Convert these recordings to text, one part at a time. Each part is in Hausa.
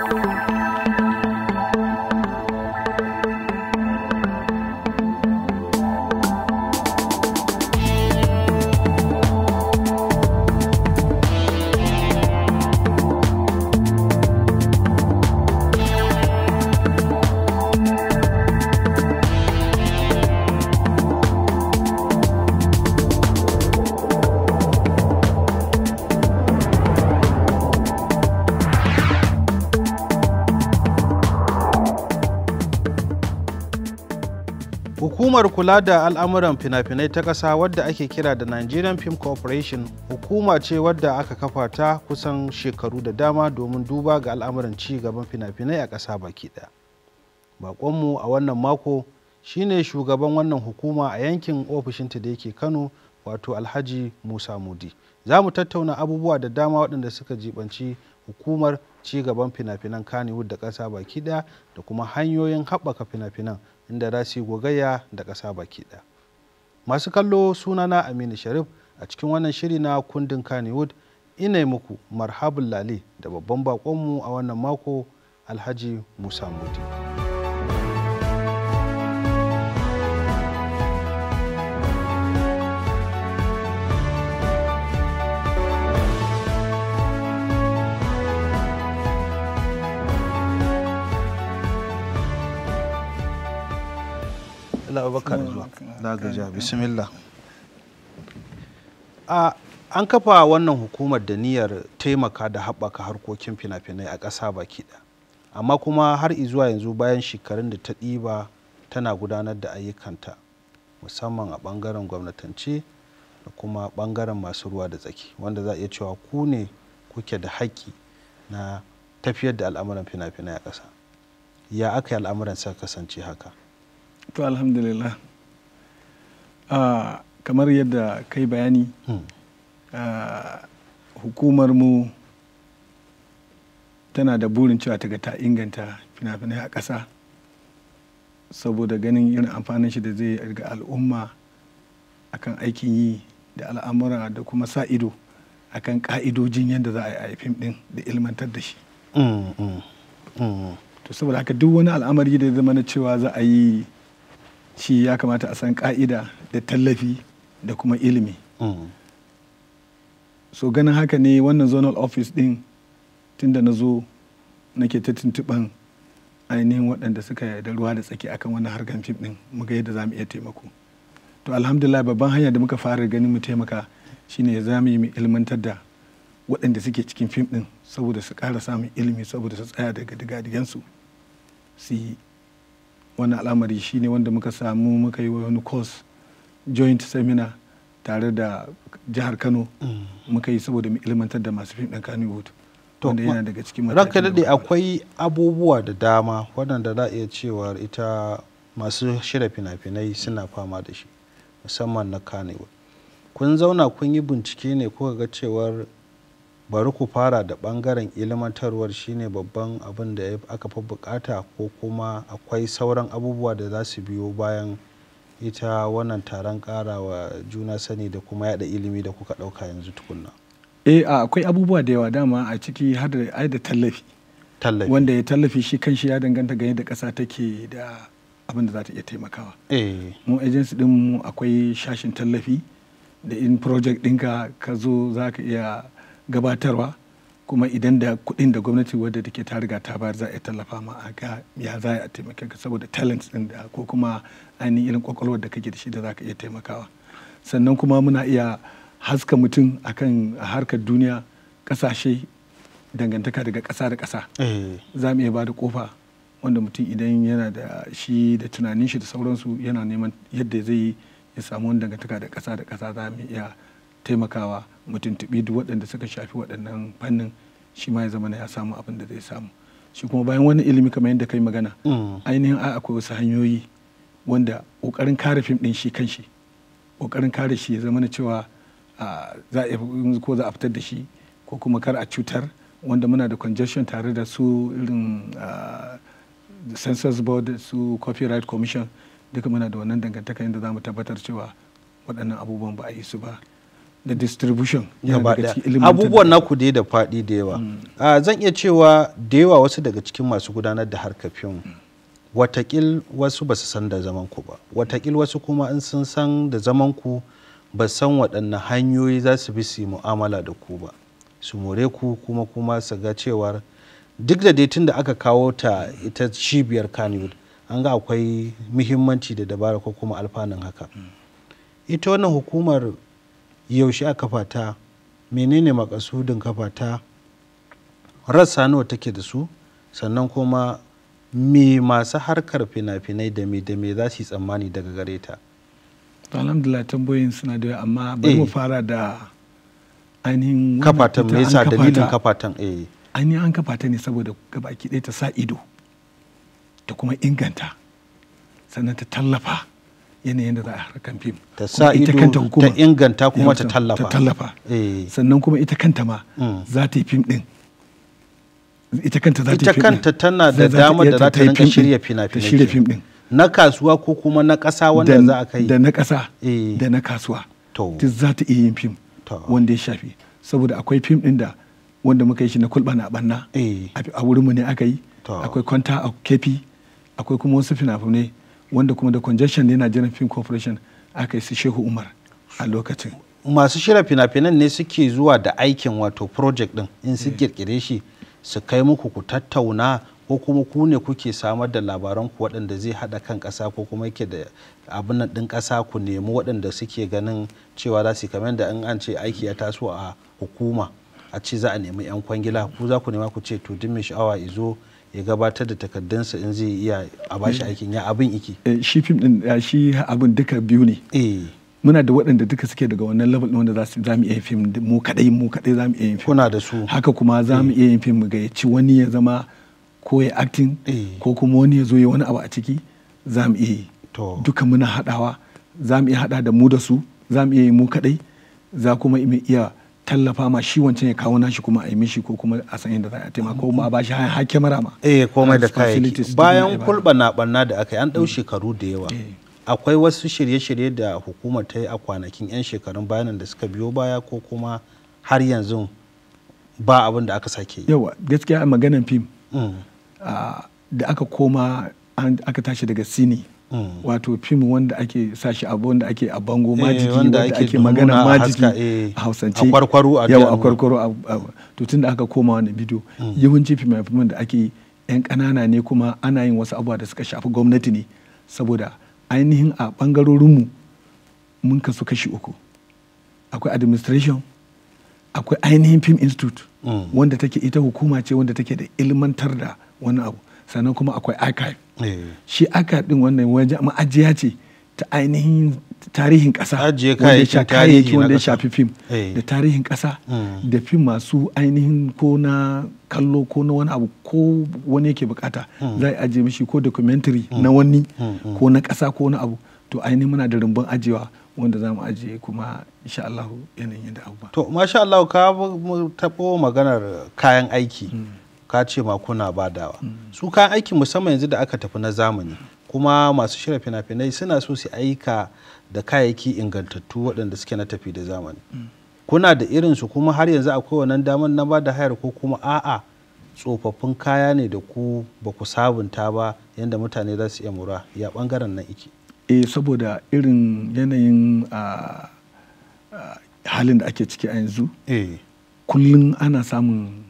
Thank you. Hukumar kula da al'amuran fina-finai ta ƙasa wadda ake kira da Nigerian Film Corporation hukuma ce wadda aka kafa ta kusan shekaru da dama domin duba ga al'amuran ci gaban fina-finai a ƙasa baki ɗaya. Baƙonmu a wannan mako shine shugaban wannan hukuma a yankin ofishinta da yake Kano wato Alhaji Musa Mudi. Za mu tattauna abubuwa da dama waɗanda suka jibanci hukumar ci gaban fina-finan da ƙasa baki ɗaya da kuma hanyoyin haɓaka fina-finan inda za su yi gogayya da ƙasa baki ɗaya masu kallo sunana aminu sharif a cikin wannan shiri na kundin kannywood ina muku marhabin lale da babban baƙonmu a wannan mako alhaji musa muti. malam abubakar zuwa na gaja bismillah a an kafa wannan hukumar da niyyar taimaka da haɓaka harkokin fina-finai a ƙasa baki ɗaya amma kuma har izuwa yanzu bayan shekarun da ta ɗiba tana gudanar da ayyukanta musamman a ɓangaren gwamnatance da kuma ɓangaren masu ruwa da tsaki wanda za a iya cewa ku ne kuke da haƙƙi na tafiyar da al'amuran fina-finai a ƙasa ya aka yi al'amuran sa kasance haka to alhamdulillah uh, kamar yadda kai bayani mm. uh, hukumar mu tana da burin cewa ta ta inganta fina-finai a ƙasa saboda ganin irin amfanin shi da zai ga al'umma akan aikin yi da al'amura da kuma sa ido akan ka'idojin yadda za a yi fim din da ilmantar da shi hmm, hmm, hmm. to saboda haka duk wani al'amari da zama na cewa za a yi shi ya kamata a san ka'ida da tallafi da kuma ilimi mm. so ganin haka ne wannan zonal office din tunda na zo nake ta tuntuɓan ainihin waɗanda suka da ruwa da tsaki akan wannan harkar fim din mu yadda za mu iya taimako to alhamdulillah babban hanya da muka fara ganin mu taimaka shine za mu yi mu ilmantar da waɗanda suke cikin fim ɗin saboda su ƙara samun ilimi saboda su tsaya daga digadigansu su yi wani al'amari ne wanda muka samu muka yi wani course joint seminar tare da jihar kano mm. muka yi saboda mu ilmantar da masu fim ɗin wanda yana daga cikin ranka daɗe akwai abubuwa da dama waɗanda za a iya cewa ita masu shirya fina-finai suna fama da shi musamman na kanewood kun zauna kun yi bincike ne kuka ga cewar bari ku fara da ɓangaren ilmantarwar shine babban abin da aka fi bukata ko kuma akwai sauran abubuwa da za su biyo bayan ita wannan taron karawa juna sani da kuma yada ilimi da kuka ɗauka yanzu tukunna eh akwai abubuwa da yawa dama a ciki har da ai da tallafi tallafi wanda ya tallafi shi kanshi ya danganta ga yadda ƙasa take da abin da za ta iya taimakawa eh mu agency din mu akwai shashin tallafi da in project ɗinka ka zo za ka iya gabatarwa kuma idan da kuɗin da gwamnati wadda take ta riga ta bayar za a tallafa ma a ga ya za a taimake ka saboda talent din da ko kuma ainihin irin kwakwalwar da kake da shi da za ka iya taimakawa sannan kuma muna iya haska mutum akan harkar duniya kasashe dangantaka daga kasa da kasa eh. za mu iya ba da kofa wanda mutum idan yana da shi da tunanin shi da sauransu yana neman yadda zai ya samu wani dangantaka da kasa da kasa za mu iya taimakawa mutuntubi duk waɗanda suka shafi waɗannan fannin shi ma ya zama ya samu abin da zai samu shi kuma bayan wani ilimi kamar yadda kai magana mm. ainihin a akwai wasu hanyoyi wanda ƙoƙarin kare fim ɗin shi kanshi ƙoƙarin kare shi ya zama na cewa za a ko za a fitar da shi ko kuma kar a cutar wanda muna da congestion tare da su irin census board su copyright commission duka muna da wannan dangantaka inda za mu tabbatar cewa waɗannan abubuwan ba a yi su ba da distribution gaba abubuwan naku dai da faɗi da yawa mm. ah, zan iya cewa da yawa wasu daga cikin masu gudanar da harka fim mm. watakil wasu ba su san da zaman ku ba watakil wasu kuma in sun san da zaman ku ba san waɗanne hanyoyi za su bi su mu'amala da ku ba su more ku kuma kuma su ga cewar duk da tun da aka kawo ta ita cibiyar kaniwood an ga akwai muhimmanci da dabara ko kuma alfanun haka mm. ita wannan hukumar yaushe aka kafa ta menene makasudin kafa ta rassa nawa take da su sannan kuma me masu harkar fina-finai da me da me za su yi tsammani daga gare ta alhamdulillah tambayoyin suna da amma bari mu eh. fara da ainihin kafatan me yasa dalilin kafatan eh ainihin an kafata ne saboda gabaki ɗaya ta sa ido ta kuma inganta sannan ta tallafa yanayin da za a harkar fim ta sa ido ta inganta kuma ta tallafa ta tallafa eh. sannan kuma ita kanta ma mm. za ta yi fim din ita kanta za ta yi ita kanta tana da dama da za ta yi shirya fina-finai shirya fim din na kasuwa ko kuma na kasa wanda za a kai da na kasa eh. da na kasuwa ta za ta iya yin fim wanda ya shafi saboda akwai fim din da wanda muka yi shi na kulɓa na banna eh. a wurinmu ne aka yi akwai kwanta a kefi akwai kuma wasu fina-finai wanda kuma da congestion ne Nigerian Film Corporation aka yi su Shehu Umar a lokacin. Masu shirya fina-finan ne suke zuwa da aikin wato project din in su kirkire eh. shi su kai muku ku tattauna ko kuma ku ne kuke samar da labaran ku waɗanda zai haɗa kan kasa ko kuma yake da abin nan ɗin kasa ku nemi waɗanda suke ganin cewa za su kamar da in an ce aiki ya taso a hukuma a ce za a nemi 'yan kwangila ku za ku nema ku ce to dimmi sha'awa izo ya gabatar da takardunsa in zai iya a bashi mm. aikin ya abin iki eh, shi fim din shi abin duka biyu ne eh. muna da waɗanda duka suke daga wannan level wanda za su zamu iya yin fim mu kadai mu kadai zamu iya yin fim kuna da su haka kuma zamu eh. iya yin fim mu ga ci wani ya zama ko ya acting ko kuma wani ya zo ya wani abu a ciki zamu iya yi duka muna hadawa zamu iya hada da mu da su zamu iya yi mu kadai za kuma iya tallafa ma shi wancan ya kawo nashi kuma a yi mishi ko kuma a san yadda za a taimaka ko ma a bashi har mara ma eh komai da kayayyaki bayan kulba na barna da aka yi an ɗau mm. shekaru da yawa eh. akwai wasu shirye-shirye da hukumar ta yi a kwanakin 'yan shekarun bayanan da suka biyo baya ko kuma har yanzu ba abin da aka sake yi yawa gaskiya maganan fim mm. ah, da aka koma aka tashi daga sini Mm. wato fim wanda ake sashi abu wanda ake a bango eh, majiki wanda ake magana majiki eh, a hausance a kwarkwaro a yau a kwarkwaro to tun da aka koma wani bidiyo mm. yawanci fim da ake yan kanana ne kuma ana yin wasu abubuwa da suka shafi gwamnati ne saboda ainihin a bangarorin mu mun kasu kashi uku akwai administration akwai ainihin film institute mm. wanda take ita hukuma ce wanda take da ilmantar da wani abu sannan kuma akwai archive eh. shi archive din wannan wajen ma'ajiya ce ta ainihin tarihin kasa kayayyaki wanda ya shafi fim eh. da tarihin kasa hmm. da fim masu ainihin ko na kallo ko na wani abu ko wani yake bukata hmm. za a ajiye mishi ko documentary hmm. na wani ko na kasa ko na abu to ainihin muna da rumbun ajiyewa wanda za mu ajiye kuma insha Allah yanayin yadda ba To masha Allah ka taɓo maganar kayan aiki. ka ce ma kuna badawa su kayan aiki musamman yanzu da aka tafi na zamani kuma masu shirya fina-finai suna so su aika da kayayyaki ingantattu waɗanda suke na tafi da zamani kuna da irinsu kuma har yanzu akwai wannan damar na bada hayar ko kuma a'a tsofaffin kaya ne da ku ba ku sabunta ba yadda mutane za su iya mura ya ɓangaren nan iki eh saboda irin yanayin halin da ake ciki a yanzu eh. kullum ana samun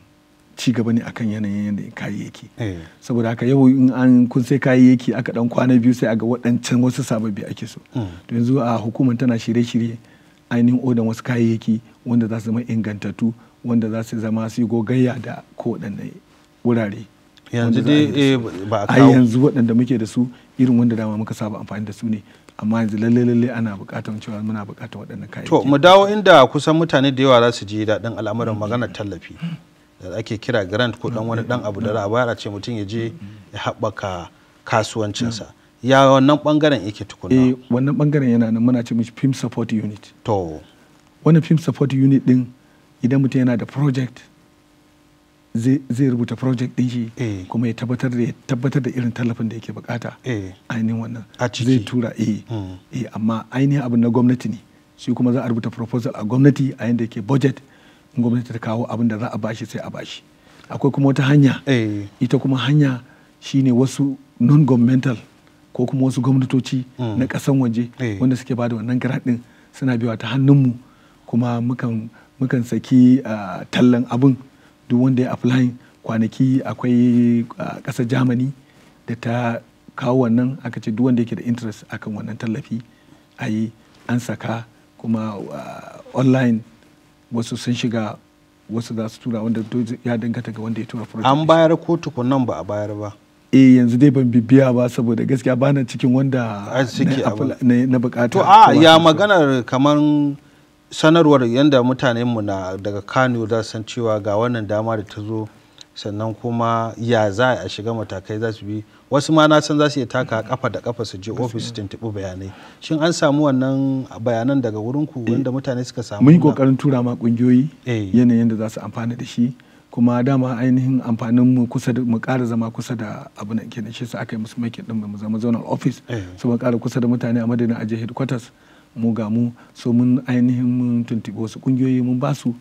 ci gaba ne akan yanayin yadda kayayyaki eh. saboda haka yau in an kun sai kayayyaki aka dan kwana biyu sai a ga waɗancan wasu sababbi ake so mm. to yanzu a hukumar tana shirye-shirye ainihin odan wasu kayayyaki wanda za su zama ingantattu wanda za su zama su gogayya da ko kowaɗanne wurare yanzu dai eh, ba a yanzu waɗanda muke da su irin wanda dama muka saba amfani da su ne amma yanzu lalle lalle ana buƙatar cewa muna buƙatar waɗannan kayayyaki to mu dawo inda kusan mutane da yawa za su je daɗin al'amuran maganar tallafi da ake kira grant ko dan wani dan abu da za a bayar a ce mutum ya je ya haɓaka kasuwancinsa ya wannan bangaren yake tukuna eh wannan bangaren yana nan muna ce mishi film support unit to wannan film support unit din idan mutum yana da project zai rubuta project din shi eh. kuma ya tabbatar da tabbatar da irin tallafin da yake bukata eh. ainihin wannan zai tura eh. Hmm. eh amma ainihin abin na gwamnati ne shi kuma za a rubuta proposal a gwamnati a yadda yake budget gwamnati ta kawo abin da za a bashi sai a bashi akwai kuma wata hanya eh. ita kuma hanya shine wasu non-governmental ko kuma wasu gwamnatoci hmm. na kasan waje eh. wanda suke bada wannan grant din suna biyawa ta hannun mu kuma mukan mukan saki ah, tallan abin duk wanda ya apply kwanaki akwai kasar ah, germany da ta kawo wannan aka ce duk wanda yake da interest akan wannan tallafi a an saka kuma ah, online wasu sun shiga wasu za su tura wanda ya dangata ga wanda ya tura project an bayar ko tukunan ba a bayar ba eh yanzu dai ban bibiya ba saboda gaskiya ba na cikin wanda na bukata to a ya maganar kamar sanarwar yadda mutanenmu na daga kano za san cewa ga wannan dama da ta zo sannan kuma ya za a shiga matakai za su bi wasu ma na san za su iya taka kafa da kafa su je ofis tuntuɓi bayanai shin an samu wannan bayanan daga wurin ku eh, wanda mutane suka samu mun yi kokarin tura ma kungiyoyi eh. yanayin da za su amfana da shi kuma dama ainihin amfanin mu kusa da mu ƙara zama kusa da abu na kenan shi sa aka yi musu makin din mu zama zonal office eh. su mu ƙara kusa da mutane a madina a jihar headquarters mu ga mu so mun ainihin mun tuntuɓi wasu kungiyoyi mun ba su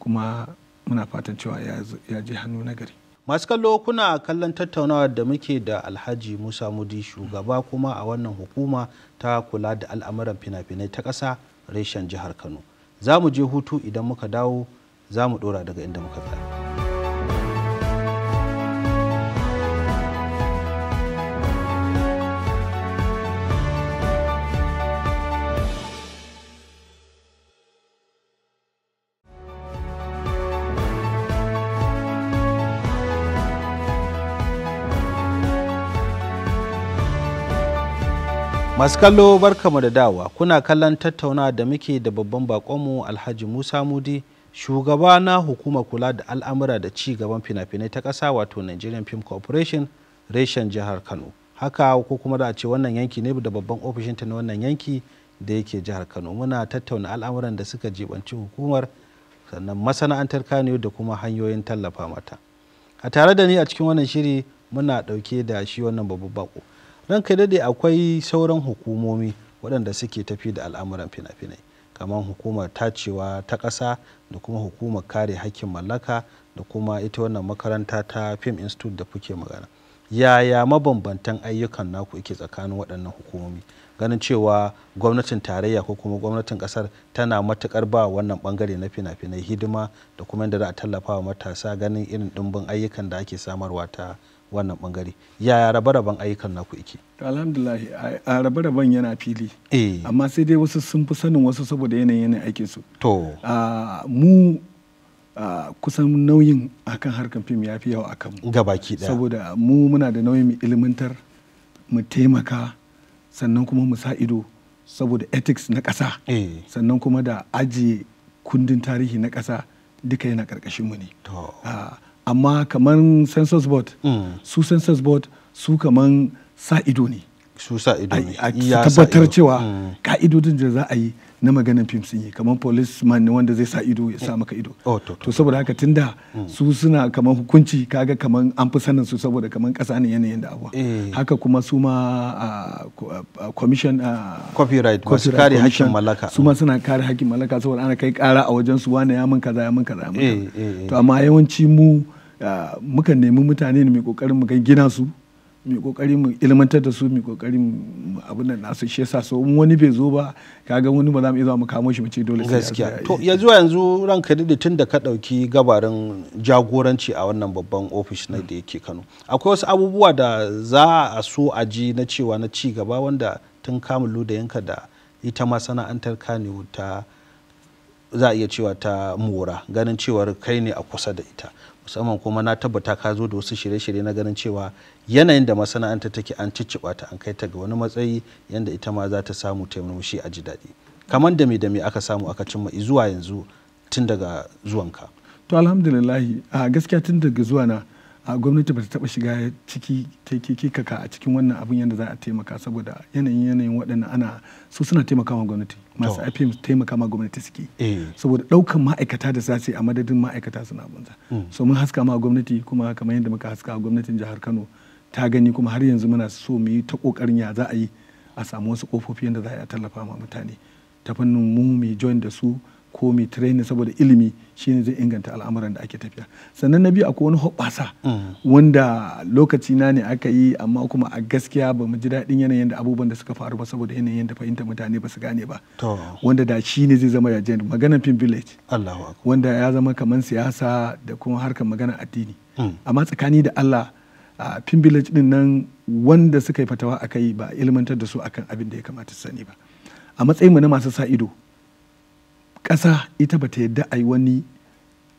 kuma muna fatan cewa ya je hannu na gari masu kallo kuna kallon tattaunawa da muke da alhaji musa mudi shugaba kuma a wannan hukuma ta kula da al'amuran fina-finai ta ƙasa reshen jihar kano za mu je hutu idan muka dawo za mu ɗora daga inda muka tsaya masu kallo barkamu da dawa kuna kallon tattauna da muke da babban bakonmu alhaji musa mudi shugaba na hukumar kula da al'amura da ci gaban fina-finai ta ƙasa wato nigerian film corporation reshen jihar kano haka ko kuma da a ce wannan yanki ne da babban ofishinta na wannan yanki da yake jihar kano muna tattauna al'amuran da suka jibanci hukumar sannan masana'antar kano da kuma hanyoyin tallafa mata a tare da ni a cikin wannan shiri muna ɗauke da shi wannan babban bako kai dade akwai sauran hukumomi waɗanda suke tafi da al'amuran fina-finai kamar hukumar tacewa ta ƙasa da kuma hukumar kare hakkin mallaka da kuma ita wannan makaranta ta film institute da kuke magana yaya mabambantan ayyukan naku ke tsakanin waɗannan hukumomi ganin cewa gwamnatin tarayya ko kuma gwamnatin ƙasar tana matuƙar ba wannan bangare na fina-finai hidima da kuma yadda za a tallafa wa matasa ganin irin ɗumbin ayyukan da ake samarwa ta wannan bangare yaya rabe-raben ayyukan naku ike to alhamdulillah a rabe-raben yana fili eh. amma sai dai wasu sun fi sanin wasu saboda yanayin aikin su to mu kusan nauyin akan harkan fim ya fi yawa akan mu gabaki daya saboda mu muna da nauyin mu ilmantar mu taimaka sannan kuma mu sa ido saboda ethics na ƙasa eh. sannan kuma da ajiye kundin tarihi na ƙasa duka yana ƙarƙashin mu ne amma kamar census mm. board su census board su kamar sa ido ne su sa ido ne a tabbatar cewa mm. ka'idodin da za a yi na maganin fim sun yi kamar policeman ne wanda zai sa ido ya sa maka ido oh, to saboda haka tunda mm. su suna kamar hukunci kaga kamar an fi sanin su saboda kamar kasa ne yanayin da abuwa eh. haka kuma su ma commission copyright masu kare hakkin mallaka su ma suna kare hakkin mallaka saboda ana kai kara a wajen su wane ya min kaza ya min kaza ya min eh, kaza eh, to amma yawanci mu Ah, muka nemi mutane ne mai kokarin mu gina su mai kokarin mu ilmantar da su mai kokarin mu abin da nasu shi yasa so wani bai zo ba kaga wani ba za mu iya mu kamo shi mu ce dole gaskiya to ya zuwa yanzu ranka dade tun da ka dauki gabarin jagoranci a wannan babban office na da yake Kano akwai wasu abubuwa da za a so a ji na cewa na ci gaba wanda tun kamun da yanka da ita masana'antar Kano ta za a iya cewa ta mora ganin cewar kai ne a kusa da ita musamman kuma na tabbata ka zo da wasu shirye-shirye na ganin cewa yanayin da masana'anta take an cicciɓa ta an kai ta ga wani matsayi yanda ita ma za ta samu taimurmushi a ji daɗi kamar da me da me aka samu aka cimma zuwa yanzu tun daga zuwanka to alhamdulillah a gaskiya tun daga zuwa na a gwamnati bata ta taba shiga ciki ta kikaka a cikin wannan abin yadda za a taimaka saboda yanayin yanayin waɗannan ana su suna taimakawa gwamnati masu afim taimaka ma gwamnati suke eh. saboda ɗaukan ma'aikata da za su yi a madadin ma'aikata suna banza hmm. so mun haska ma gwamnati kuma kamar yadda muka haska gwamnatin jihar kano ta gani kuma har yanzu muna so mu yi ta kokarin ya za a yi a samu wasu kofofi yadda za a tallafa ma mutane ta fannin mu mu join da su ko mai training saboda ilimi shine zai inganta al'amuran da ake tafiya sannan na biyu akwai wani hoɓasa mm. wanda lokaci na ne aka yi amma kuma a gaskiya ba mu ji daɗin yanayin da abubuwan da suka faru ba saboda yanayin da fahimtar mutane ba su gane ba wanda da shi ne zai zama yajen maganar pin village wanda ya zama kamar siyasa da kuma harkar maganar addini mm. amma tsakani da Allah a film village din nan wanda suka yi fatawa aka yi ba ilmantar da su akan abin da ya kamata su sani ba a matsayinmu na masu sa ido ƙasa ita ba ta yadda a yi wani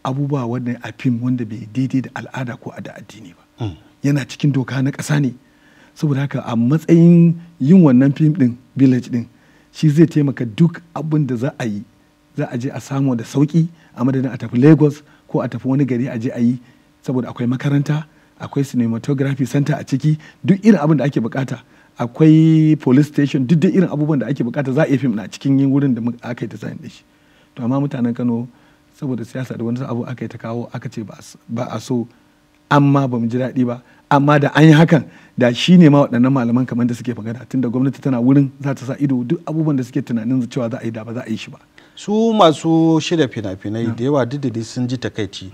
abubuwa wanda a fim wanda bai daidai da al'ada ko da addini ba hmm. yana cikin doka na ƙasa ne saboda haka a matsayin yin wannan fim din village din shi zai taimaka duk abin da za a yi za a je a samu da sauki a madadin a tafi lagos ko a tafi wani gari a je a yi saboda akwai makaranta akwai cinematography center a ciki duk irin abin da ake bukata akwai police station duk irin abubuwan da ake bukata za a yi fim na cikin yin wurin da aka yi design din shi to amma mutanen kano saboda siyasa da wani abu aka yi ta kawo aka ce ba a so amma ba mu ji daɗi ba amma da an yi hakan da shi ne ma waɗannan malaman kamar da suke fagada tunda gwamnati tana wurin za ta sa ido duk abubuwan da suke tunanin cewa za a yi da ba za a yi shi ba su masu shirya fina-finai da yawa duk da sun ji takaici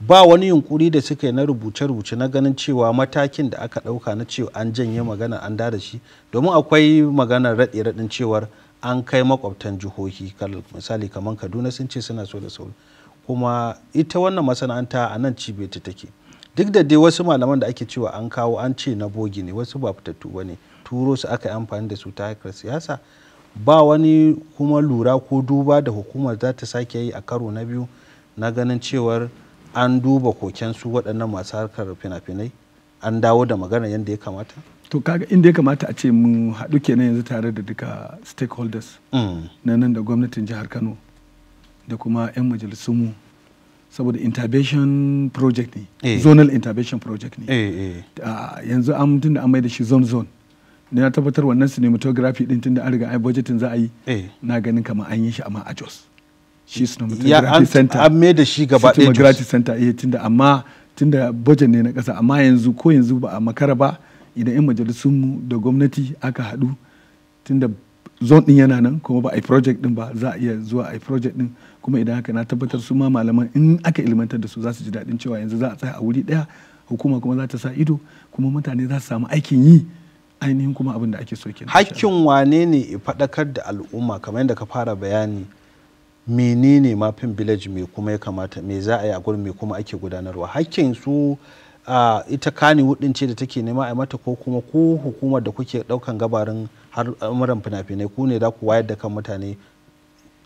ba wani yunkuri da suka yi na rubuce-rubuce na ganin cewa matakin da aka ɗauka na cewa an janye magana an da shi domin akwai maganar raɗe-raɗin cewar an kai makwabtan jihohi misali kamar kaduna sun ce suna so da sauri kuma ita wannan masana'anta a nan cibiyarta take duk da dai wasu malaman da ake cewa an kawo an ce na bogi ne wasu ba fitattu ba ne turo su aka yi amfani da su ta hakar siyasa ba wani kuma lura ko duba da hukumar za ta sake yi a karo na biyu na ganin cewar an duba koken su waɗannan masu harkar fina-finai an dawo da magana yadda ya kamata to kaga inda ya kamata a ce mu haɗu kenan yanzu tare da duka stakeholders mm. na nan da gwamnatin jihar kano da kuma 'yan majalisunmu saboda intervention project ne eh. zonal intervention project ne eh, eh. yanzu an da an mai da shi zone zone ne na tabbatar wannan cinematography din tunda an riga ai budgeting za a yi na ganin kama an yi shi amma a Jos shi cinematography center an mai da shi gaba ɗaya cinematography center eh tunda amma tunda budget ne na ƙasa amma yanzu ko yanzu ba a makara ba idan 'yan majalisunmu da gwamnati aka haɗu tunda zon din yana nan kuma ba a yi project din ba za a iya zuwa a yi project din kuma idan haka na tabbatar su ma malaman in aka ilmantar da su za su ji daɗin cewa yanzu za a tsaya a wuri ɗaya hukuma kuma za ta sa ido kuma mutane za su samu aikin yi ainihin kuma abin da ake so kenan hakkin wane ne faɗakar da al'umma kamar yadda ka fara bayani menene mafin village me kuma ya kamata me za a yi a gurin me kuma ake gudanarwa hakkin su uh, ita kani wudin ce da take nema a mata ko kuma ku hukumar da kuke daukan gabarin amuran fina-finai ku ne za ku wayar da kan mutane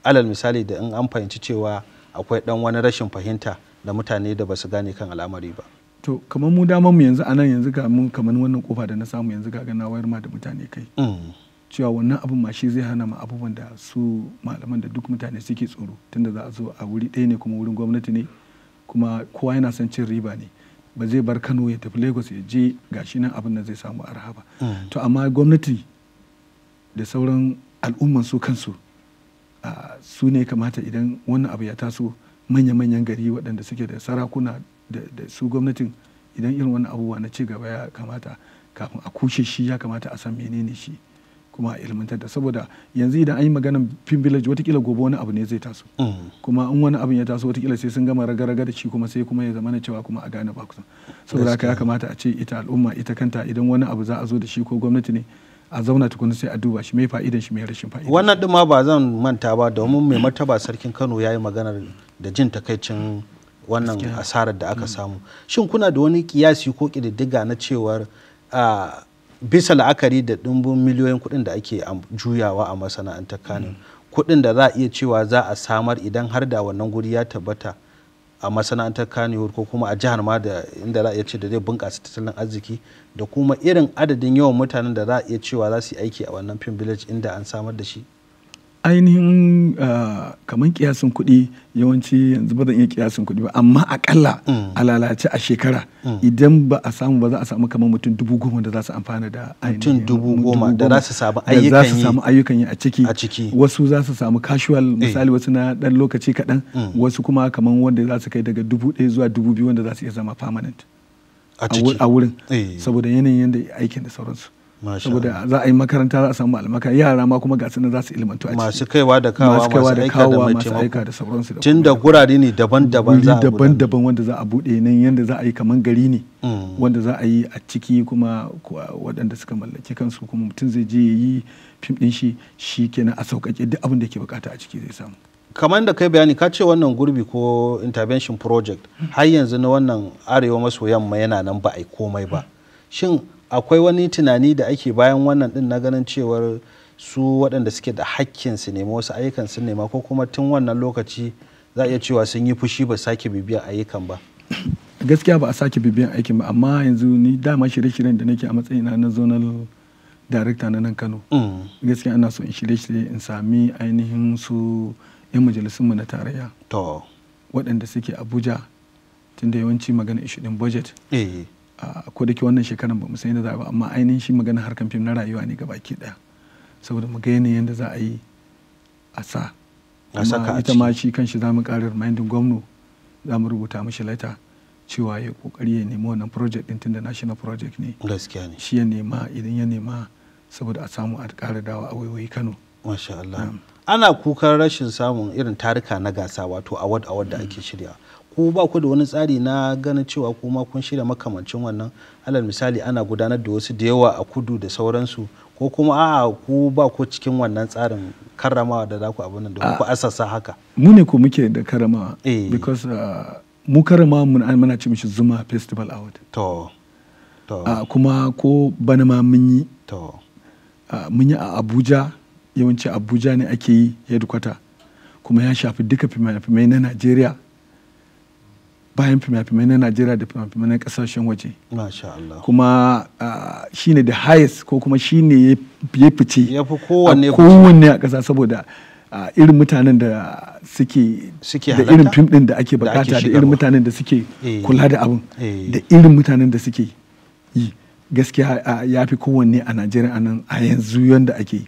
alal misali da in an fahimci cewa akwai dan wani rashin fahimta da mutane da ba su gane kan al'amari ba to kamar mu damar mu yanzu anan yanzu ga mun kamar wannan kofa da na samu yanzu ga na wayar ma da mutane kai mm. cewa wannan abin ma shi zai hana ma abubuwan da su malaman da duk mutane suke tsoro tunda za a zo a wuri ɗaya ne kuma wurin gwamnati ne kuma kowa yana son cin riba ne ba zai bar kano ya tafi lagos ya je gashi nan abin da zai samu arha ba hmm. to amma gwamnati da sauran al'umman su kansu su ne kamata idan wannan abu ya taso manya-manyan gari waɗanda suke da sarakuna da su gwamnatin idan irin wannan abubuwa na ci gaba ya kamata kafin a kushe shi ya kamata a san menene shi kuma ilmantar da saboda yanzu idan an yi maganar fim village watakila gobe wani abu ne zai taso mm. kuma in wani abin ya taso watakila sai sun gama ragaraga da shi kuma sai kuma ya zama cewa kuma a gane ba kusa. saboda haka ya kamata a ce ita al'umma ita kanta idan wani abu za a zo da shi ko gwamnati ne a zauna tukuna sai a duba shi mai fa'idan shi mai rashin fa'ida wannan din ma ba zan manta ba domin mai martaba sarkin Kano ya yayi maganar da jin takaicin wannan asarar da aka mm. samu shin kuna da wani kiyasi ko kididdiga na cewar ah, bisa la'akari da ɗimbin miliyoyin kuɗin da ake juyawa a masana'antar kanin kuɗin da za a iya cewa za a samar idan har da wannan guri ya tabbata a masana'antar kanewar ko kuma a jihar ma da inda za a iya ce da zai bunkasa tattalin arziki da kuma irin adadin yawan mutanen da za a iya cewa za su yi aiki a wannan fim village inda an samar da shi ainihin ah, kamar kiyasin kuɗi yawanci yanzu ba zan iya kiyasin kuɗi ba amma akalla mm. a lalace a shekara mm. idan ba a samu ba za a samu kamar mutum dubu goma da za su amfana da mutum dubu goma da za su samu ayyukan yi a ciki wasu za su samu casual eh. misali wasu na ɗan lokaci kaɗan mm. wasu kuma kamar wanda za su kai daga dubu ɗaya zuwa dubu biyu wanda za su iya zama permanent a wurin eh. saboda yanayin yadda aikin da sauransu saboda za a yi makaranta za a samu almaka yara ma kuma gasu nan za su ilmantu a ciki masu kaiwa da kawa masu aika da kawa masu aika da sauransu da tun da gurare ne daban-daban za a daban-daban wanda za a bude nan yanda za a yi kaman gari ne mm. wanda za a yi a ciki kuma waɗanda suka mallaki kansu kuma mutum zai je ya yi fim din shi shi kenan a sauƙaƙe duk abin da ke bukata a ciki zai samu kamar da kai bayani ka ce wannan gurbi ko intervention project hmm. har yanzu na wannan arewa maso yamma yana nan ba a yi komai ba shin akwai wani tunani da ake bayan wannan din na ganin cewar su waɗanda suke da hakkin su nema wasu ayyukan sun nema ko kuma tun wannan lokaci za a iya cewa sun yi fushi ba sake bibiyan ayyukan ba gaskiya ba a sake bibiyan aikin ba amma yanzu ni dama shirye-shiryen da nake a matsayi na zonal director na nan kano mm. gaskiya ana so in shirye-shirye in sami ainihin su 'yan majalisunmu na tarayya waɗanda suke abuja tunda yawanci magana ishirin budget eh. ko da ke wannan shekaran ba mu san yadda za a ba amma ainihin shi magana harkan fim na rayuwa ne gabaki daya saboda mu ga yanayin yadda za a yi a sa ita ma shi kan shi za mu ƙara remindin gwamno za mu rubuta mishi laita cewa ya kokari ya nemi wannan project din tunda national project ne gaskiya ne shi ya nema idan ya nema saboda a samu a ƙara dawa a waiwayi Kano masha Allah ana kukan rashin samun irin tarika na gasa wato award award da ake shirya ko ba ku da wani tsari na ganin cewa kuma kun shirya makamancin wannan alal misali ana gudanar da wasu da yawa a kudu da sauransu ko kuma a ku ba ku cikin wannan tsarin karramawa da za ku abin da ku asasa haka mu ne ko muke da karramawa eh. because uh, mu karramawa mun mana ce mishi zuma festival award to to kuma ko bana ma mun yi to mun yi a Abuja yawanci Abuja ne ake yi headquarter kuma ya shafi duka fimai na Najeriya bayan fimafimai na najeriya da fimafimai na kasashen waje kuma shine da highest ko kuma shine ya fice ya fi kowanne a kasa saboda irin mutanen da suke da irin fim din da ake bukata da irin mutanen da suke eh. kula da abin eh. da irin mutanen da suke yi gaskiya ya fi kowanne a najeriya nan a yanzu yadda ake yi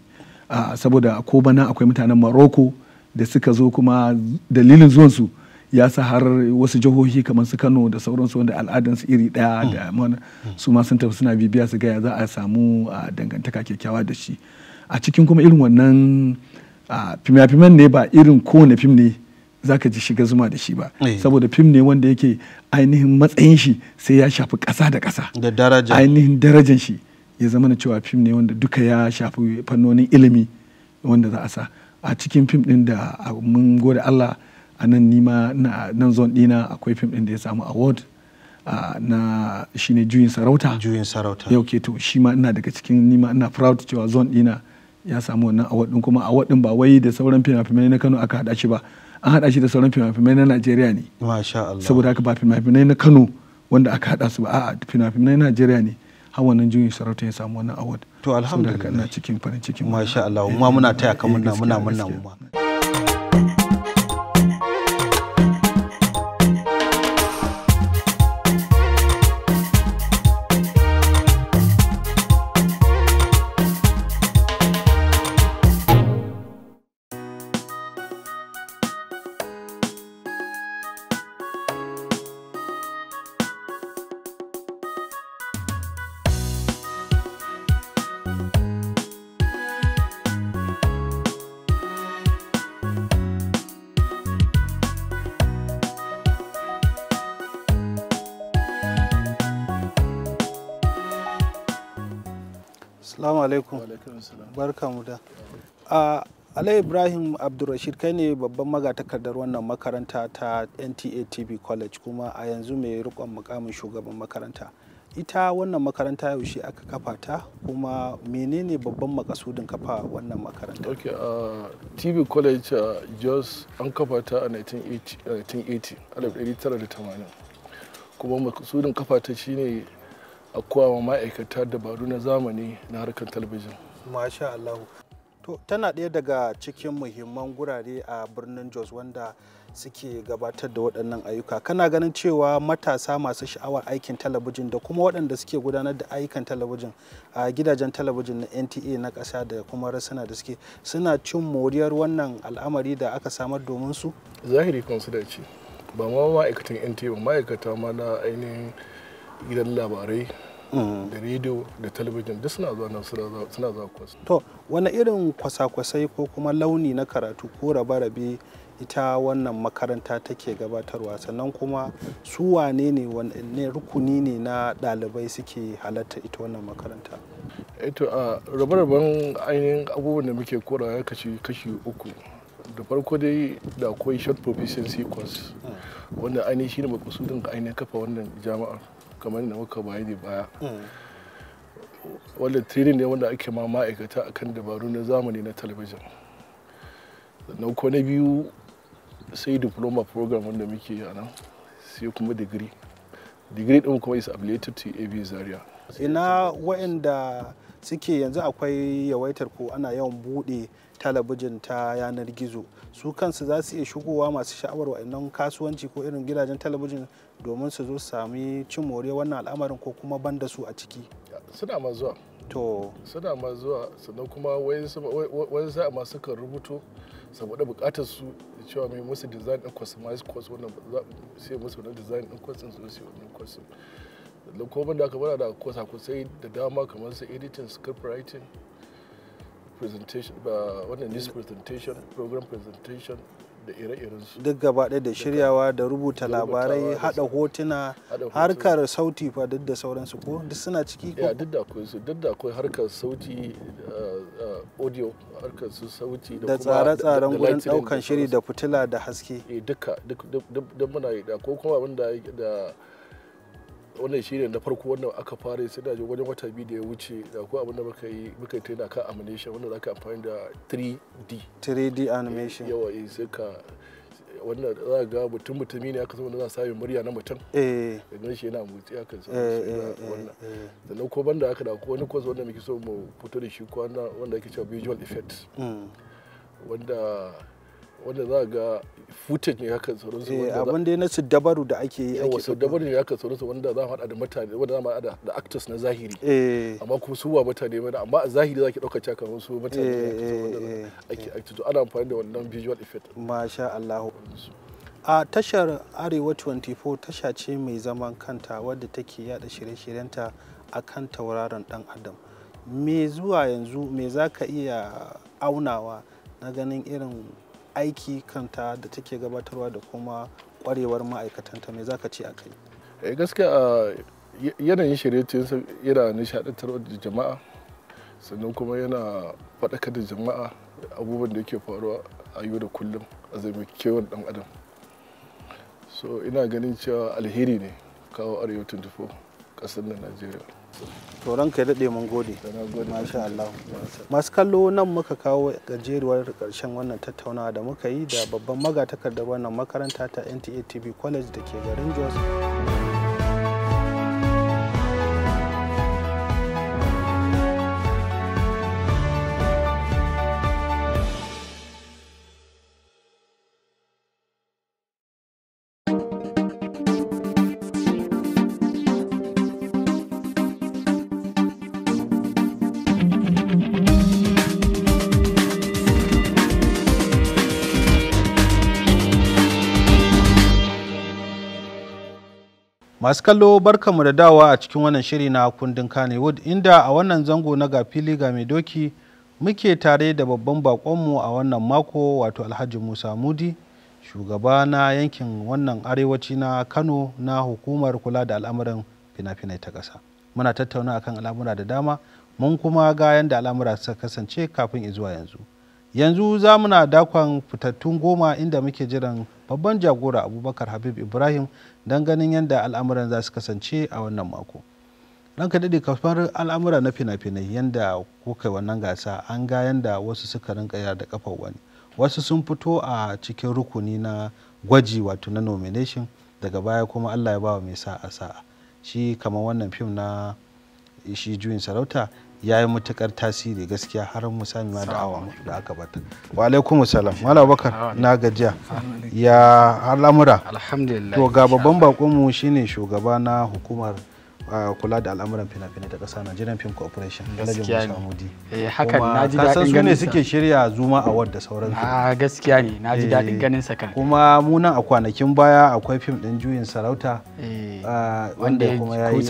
saboda ko bana akwai mutanen maroko da suka zo kuma dalilin zuwansu su ya sa har wasu jihohi kamar su kano da sauransu wanda al'adansu iri daya hmm. da hmm. su ma sun tafi suna bibiya su gaya za a samu dangantaka kyakkyawa da shi a cikin kuma irin wannan fina ne ba irin kowane fim ne za ka ji shiga zuma da shi ba eh. saboda fim ne wanda yake ainihin matsayin shi sai ya shafi kasa da kasa da daraja ainihin darajan shi ya zama na cewa fim ne wanda duka ya shafi fannonin ilimi wanda za a sa a cikin fim ɗin da mun gode Allah a nan nima nan zon dina akwai fim din da ya samu award na shine juyin sarauta juyin sarauta yau ke to shi ma ina daga cikin nima ina proud cewa zon dina ya samu wannan award din kuma award din ba wai da sauran fina-finai na Kano aka hada shi ba an hada shi da sauran fina-finai na Najeriya ne masha Allah saboda haka ba fina-finai na Kano wanda aka hada su ba a'a fina-finai na Najeriya ne har wannan juyin sarauta ya samu wannan award to alhamdulillah ina cikin farin cikin masha Allah kuma muna taya ka muna muna muna Salamu alaikum. Barka mu da. Alai Ibrahim Abdulrashid kai ne babban magatakardar wannan makaranta ta NTA TV College kuma a yanzu mai rikon mukamin shugaban makaranta. Ita wannan makaranta yaushe aka kafa ta kuma menene babban makasudin kafa wannan makaranta? ok uh, TV College uh, just an kafa ta a 1980, 1980 1980 kuma makasudin kafa ta shine a kowa ma'aikata dabaru na zamani na harkar talabijin. Masha Allah. To tana ɗaya daga cikin muhimman gurare a birnin Jos wanda suke gabatar da waɗannan ayyuka. Kana ganin cewa matasa masu sha'awar aikin talabijin da kuma waɗanda suke gudanar da ayyukan talabijin a gidajen talabijin na NTA na ƙasa da kuma rasuna da suke suna cin moriyar wannan al'amari da aka samar domin su? Zahiri kan su da Ba ma ma'aikatan NTA ba ma'aikata ma na ainihin gidan labarai da rediyo da talabijin duk suna zuwa nan suna zuwa kwas. To, wani irin kwasa-kwasai ko kuma launi na karatu ko rabe-rabe ita wannan makaranta take gabatarwa sannan kuma su wane ne rukuni ne na ɗalibai suke halatta ita wannan makaranta? Eto eh a rabe-raben ainihin abubuwan da muke kora ya kashi kashi uku. da farko dai da akwai short proficiency course hmm. wanda ainihin shi ne makasudin ainihin kafa wannan jama'ar kamar da muka bayani baya mm. wanda training ne wanda ake ma ma'aikata akan dabaru na zamani na talabijin sannan ko na biyu sai diploma program wanda muke yi a sai kuma digiri digiri din kuma is ablated to av Zaria ina waɗanda suke yanzu akwai yawaitar ko ana yawan buɗe talabijin ta yanar gizo su kansu za su iya shigowa masu sha'awar wa'annan kasuwanci ko irin gidajen talabijin domin su zo sami cin more wannan al'amarin ko kuma ban da su a ciki suna ma zuwa to suna ma zuwa sannan kuma wani sa'a ma suka rubuto saboda bukatar su da cewa mai musu design din su kwasu wannan sai musu wannan design din kwasu su sai wannan kwasu da komai da aka bada da kosa kusai da dama kamar su editing script writing presentation wannan news presentation program presentation da ire-irensu duk gaba ɗaya da shiryawa da rubuta labarai hada hotuna harkar sauti fa duk da sauransu ko duk suna ciki ko duk da akwai su duk da akwai harkar sauti eh, eh, audio harkar su sauti da tsare-tsaren gurin daukan shiri da fitila da haske eh, duka duk muna yi da ko kuma abin da wannan shi ne na farko wannan aka fara sai da wajen wata biyu da ya wuce da ko abin da muka yi muka yi tana kan animation wanda zaka amfani da 3D 3D animation yawa eh sai ka wannan za ga mutum mutumi ne aka zo za sami murya na mutum eh ganin shi yana mutsi aka zo wannan eh, eh. sannan ko banda aka da ko wani course wanda muke so mu fito da shi ko wanda ake cewa visual effect mm. wanda wanda za ga footage ya kan tsoro su eh, wanda abin da na su dabaru da ake yi ake su dabaru ya kan tsoro su wanda za mu hada da mutane wanda za mu hada da actors na zahiri eh. amma kuma su ba mutane ba amma a zahiri za ki dauka ta kan su mutane eh, ake actors ana amfani da wannan visual effect masha Allah a tashar arewa 24 tasha ce mai zaman kanta wadda take yada shirye-shiryenta akan tauraron dan adam me zuwa yanzu me zaka iya aunawa na ganin irin aiki kanta da take gabatarwa da kuma kwarewar ma'aikatanta me zaka ce a kai eh, gaskiya yanayin shirye-shiryen yana nishadantarwa da jama'a sannan kuma yana faɗakar da jama'a abubuwan da yake faruwa a yau da kullum a kewan dan adam so ina ganin cewa alheri ne kawo arewa 24 ƙasar nan najeriya to ka ya daɗe mun gode masha Allah masu kallo nan muka kawo gajeruwar ƙarshen wannan tattaunawa da muka yi da babban magatakardar wannan makaranta ta NTA TV College da ke garin Jos. masu kallo barkanmu da dawa a cikin wannan shiri na kundin kanewood inda a wannan zango na ga fili ga mai doki muke tare da babban bakonmu a wannan mako wato alhaji musa mudi shugaba na yankin wannan arewaci na kano na hukumar kula da al'amuran fina-finai ta ƙasa muna tattauna akan al'amura da dama mun kuma ga yadda al'amura suka kasance kafin zuwa yanzu yanzu za muna dakon fitattun goma inda muke jiran babban jagora abubakar habib ibrahim don ganin yadda al'amuran za su kasance a wannan mako ranka daɗe kafar al'amura na fina-finai yadda kuka wannan gasa an ga yadda wasu suka rinka yara da kafar wani wasu sun fito a cikin rukuni na gwaji wato na nomination daga baya kuma allah ya ba wa mai sa'a sa'a shi kamar wannan fim na shi juyin sarauta ya yi matukar tasiri gaskiya har musami ma da awa da aka bata wa alaikum salam mala bakar na gajiya ya al'amura to ga babban bakonmu shine shugaba na hukumar kula da al'amuran fina-finai ta ƙasa Nigerian Film Corporation Gaskiya ne. Eh hakan na ji daɗin ganin sa. su ne suke shirya Zuma Award da sauransu. Ah gaskiya ne na ji daɗin eh, ganin sa kan. Kuma mu nan a kwanakin baya akwai fim ɗin Juyin Sarauta. Eh, wanda kuma ya yi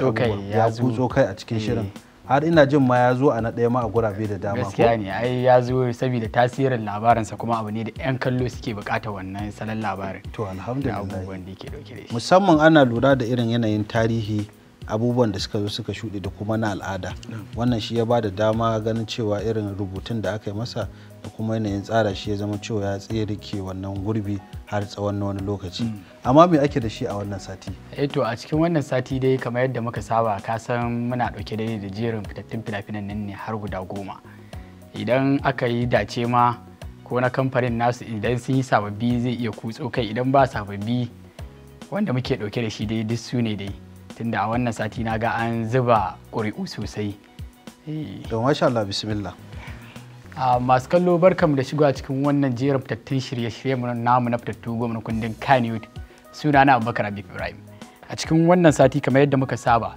ya kutso kai a cikin eh. shirin. har ina jin ma ya zo a na ɗaya ma a gurabe da dama gaskiya ne ai ya zo saboda tasirin labarinsa kuma abu ne da 'yan kallo suke bukata wannan salon labarin to alhamdulillah abubuwan da yake dauke da shi musamman ana lura da irin yanayin tarihi abubuwan da suka zo suka shuɗe da kuma na al'ada wannan shi ya ba da dama ganin cewa irin rubutun da aka yi masa da kuma yanayin tsara shi ya zama cewa ya tsaye rike wannan gurbi har tsawon na wani lokaci mm. amma me ake da shi a wannan sati eh to a cikin wannan sati dai kamar yadda muka saba ka san muna dauke da da jerin fitattun fina-finan nan ne har guda goma idan aka yi dace ma ko na kamfanin nasu idan sun yi sababbi zai iya kutso kai idan ba sababbi wanda muke dauke da shi dai duk su ne dai tunda a wannan sati na ga an zuba ƙuri'u sosai. Don eh. masha Allah bismillah. Ah, masu kallo barkamu da shigo a cikin wannan jerin fitattun shirye-shirye mu namu na fitattu goma na kundin kanewood suna na Abubakar abu Ibrahim a cikin wannan sati kamar yadda muka saba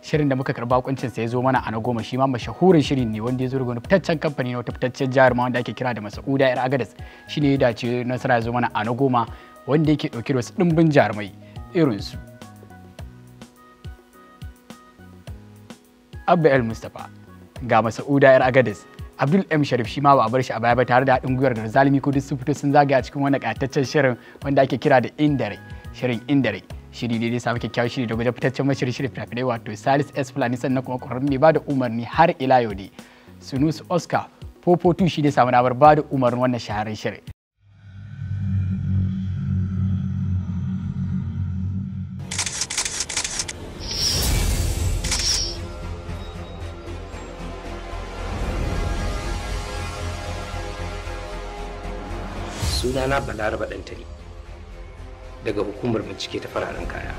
shirin da muka karba kuncin sa ya zo mana a na goma shi ma mashahurin shirin ne wanda ya zo daga fitaccen kamfani na wata fitaccen jihar ma wanda ake kira da Masauda Yar Agadas shi shine ya dace nasara ya zo mana a na goma wanda yake dauke da wasu dimbin jarumai irin su Abba El Mustapha ga Masauda Yar Agadas abdul m sharif shi ma ba a bar shi a baya ba tare da haɗin gwiwar garzalimi ko duk sun fito sun zagaya cikin wani ƙataccen shirin wanda ake kira da indare shirin indare shiri ne samu kyakkyawan shiri da gwaje fitaccen mashirin shirin fina wato salis s fulani sannan kuma kwararren mai ba da umarni har ila yau ne sunusu oscar popo tu shi ne samu damar ba da umarnin wannan shaharar shirin sunana balaraba dantari daga hukumar bincike ta fararen kaya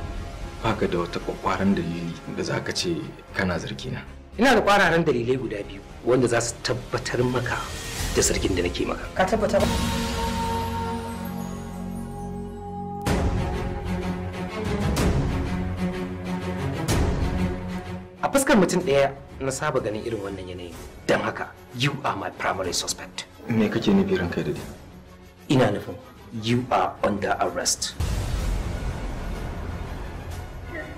baka da wata kwakwaran dalili da za ka ce kana na. ina da kwararan dalilai guda biyu wanda za su tabbatar maka da zargin da nake maka ka tabbata a fuskar mutum ɗaya na saba ganin irin wannan yanayin don haka you are my primary suspect me kake nufi ranka da dai ina nufin you are under arrest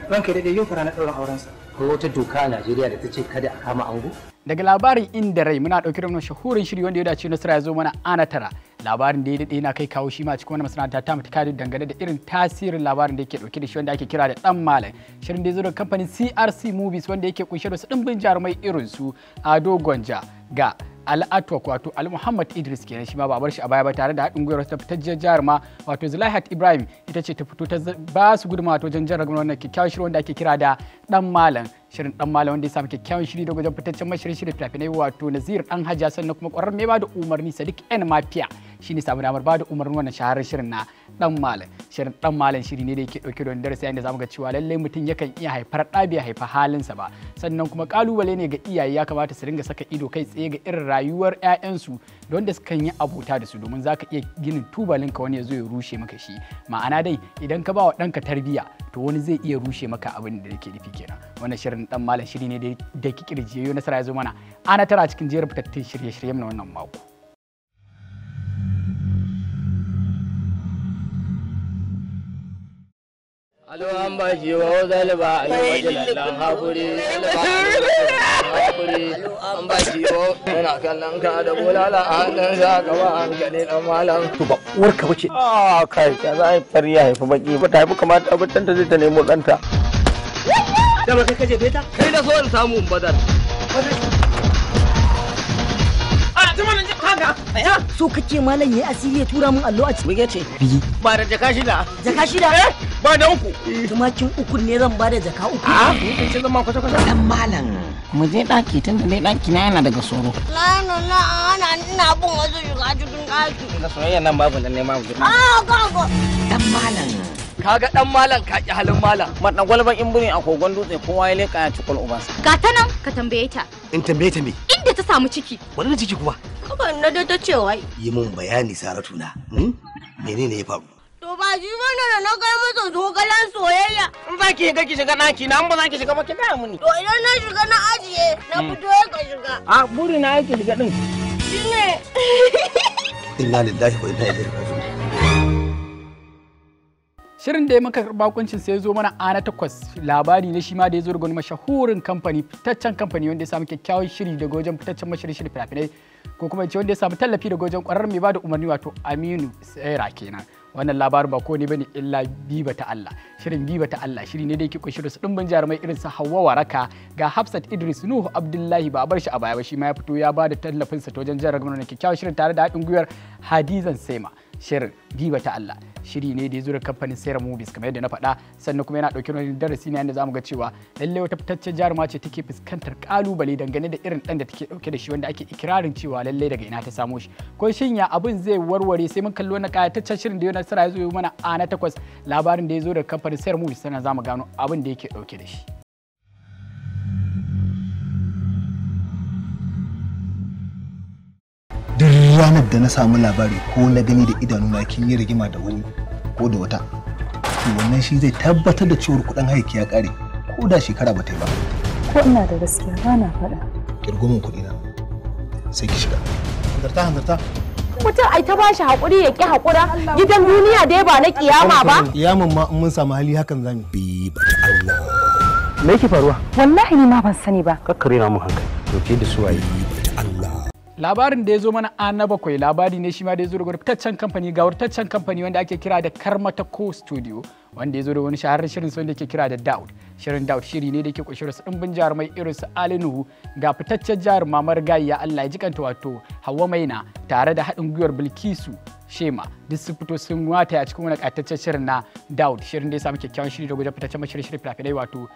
ranka daidai yau fara na ɗaurin aurensa ko wata doka a Najeriya da ta ce kada a kama ango daga labarin inda rai muna ɗauke da shahurin shiri wanda ya dace nasara ya zo mana ana tara labarin da ya daɗe na kai kawo shi ma cikin wani masana'anta ta mutuka dangane da irin tasirin labarin da yake ɗauke da shi wanda ake kira da ɗan malam shirin da ya zo da kamfanin crc movies wanda yake kunshe da su ɗimbin jarumai irin su ado gwanja ga al'atwak wato al-muhammad idris kenan shi ma ba bar shi a baya ba tare da haɗin gwiwar ta fitacciyar jihar ma wato zulaihat ibrahim ita ce ta fito ta ba su gudunmawa wato jan ragamar wannan kyakkyawan shirin wanda ake kira da ɗan malam shirin dan malam wanda ya samu kyakkyawan shiri da wajen fitaccen mashirin shirin fina wato nazir dan haja sannan kuma kwararren mai bada umarni sadiq n mafiya shine samu damar da umarni wannan shaharar shirin na dan malam shirin dan malam shiri ne da yake dauke da darasi yayin da zamu ga cewa lallai mutum yakan iya haifar da bai haifa halinsa ba sannan kuma kalubale ne ga iyaye ya kamata su ringa saka ido kai tsaye ga irin rayuwar ƴaƴansu da su sukan yi abota da su domin zaka iya ginin tubalin ka wani ya zo ya rushe maka shi ma'ana dai idan ka ba wa ɗanka tarbiyya to wani zai iya rushe maka abin da yake nufi kenan wannan shirin dan malam shiri ne da yo nasara ya zo mana ana tara cikin jerin fitattun shirye-shiryen na wannan mako alo an ba shi wa wazal ba alo wajen lan hakuri hakuri an ba shi wa yana kallon ka da bulala a hannun za ka ba an ka dan malam to ba uwar ka bace a ah, kai ya za a fari ya haifi baki ba ta haifi kamata ba tanta zai ta nemo danta da ba kai kaje beta kai da so in samu in badar So kake malam ya asiri ya tura mun allo a cikin ce. Bi. Ba da jaka shida. Jaka shida? Eh? ba da uku tumakin uku ne zan ba da jaka uku a k'u ce ma kwata kwata dan malam mu je daki tun da dai daki na yana daga soro na na na ana ina bin wasu shiga cikin daki Na soyayya nan babu nan ne ma mu ah, a ga. dan malam kaga dan malam ka ki halin malam madan gwalban in buri a kogon dutse kowa ya leka ya ci kul ubansa ga ta nan ka tambaye ta in tambaye ta me inda ta samu ciki wani ciki kuma kaban na da ta ce wai yi mun bayani saratu na hmm? menene ya faru To ba shi mana da na kai masa galan soyayya. In ba ki ga ki shiga ɗaki na, an ba za ki shiga ba ki mu ne. To idan na shiga na ajiye, na hmm. fito ya ka shiga. A buri na aiki shiga din. Shi ne. Inna lillahi wa inna ilaihi raji'un. Shirin da ya muka kuncin sai zo mana ana takwas labari na shi ma da ya zo daga wani mashahurin kamfani fitaccen kamfani wanda ya samu kyakkyawan shiri daga wajen fitaccen mashirin shiri fina-finai ko kuma ce wanda ya samu tallafi daga wajen kwararren mai ba da umarni wato Aminu Tsera kenan. wannan labarin ba ko ne bane illa biba ta Allah shirin biba ta Allah shiri ne da yake kunshi su dimbin jarumai irin su Hawwa Waraka ga Hafsat Idris Nuhu Abdullahi ba a bar shi a baya ba shi ma ya fito ya ba da tallafin sa ta wajen jarar gwamnati kyakkyawan shirin tare da haɗin gwiwar Hadizan Sema shirin diba ta Allah shiri ne da ya zo da kamfanin Sera Movies kamar yadda na faɗa sannan kuma yana ɗauke da darasi ne yadda zamu ga cewa lallai wata fitaccen jaruma ce take fuskantar kalubale dangane da irin ɗan da take ɗauke da shi wanda ake ikirarin cewa lallai daga ina ta samo shi ko shin ya abin zai warware sai mun kallo na can shirin da ya nasara ya zo mana a na takwas labarin da ya zo da kamfanin sayar Movies sannan zamu gano abin da yake ɗauke da shi duk ranar da na samu labari ko na gani da idanu na kin yi rigima da wani ko da wata to wannan shi zai tabbatar da cewa kudin haiki ya kare ko da shekara ba ta yi ba ko ina da gaskiya ba na faɗa kirgumin kuɗi na sai ki shiga hanzarta hanzarta mutum ai ta ba shi haƙuri ya ƙi haƙura gidan duniya dai ba na ƙiyama ba ƙiyaman ma in mun samu hali hakan zamu bi ba ta Allah me yake faruwa wallahi ni ma ban sani ba kakkare na mu hankali to ke da suwaye labarin da ya zo mana na bakwai labari ne shi ma da ya zo daga fitaccen kamfani ga wurtaccen kamfani wanda ake kira da karmata ko studio wanda ya zo da wani shahararren shirin sun da ke kira da daud shirin daud shiri ne da ke kushe su ɗimbin jarumai irin su ali nuhu ga fitaccen gayi ya allah ya jikanta wato hawa maina tare da haɗin gwiwar bilkisu shema duk sun fito sun wata a cikin wani ƙataccen shirin na daud shirin da ya samu kyakkyawan shiri da gudanar fitaccen mashirin shirin fina wato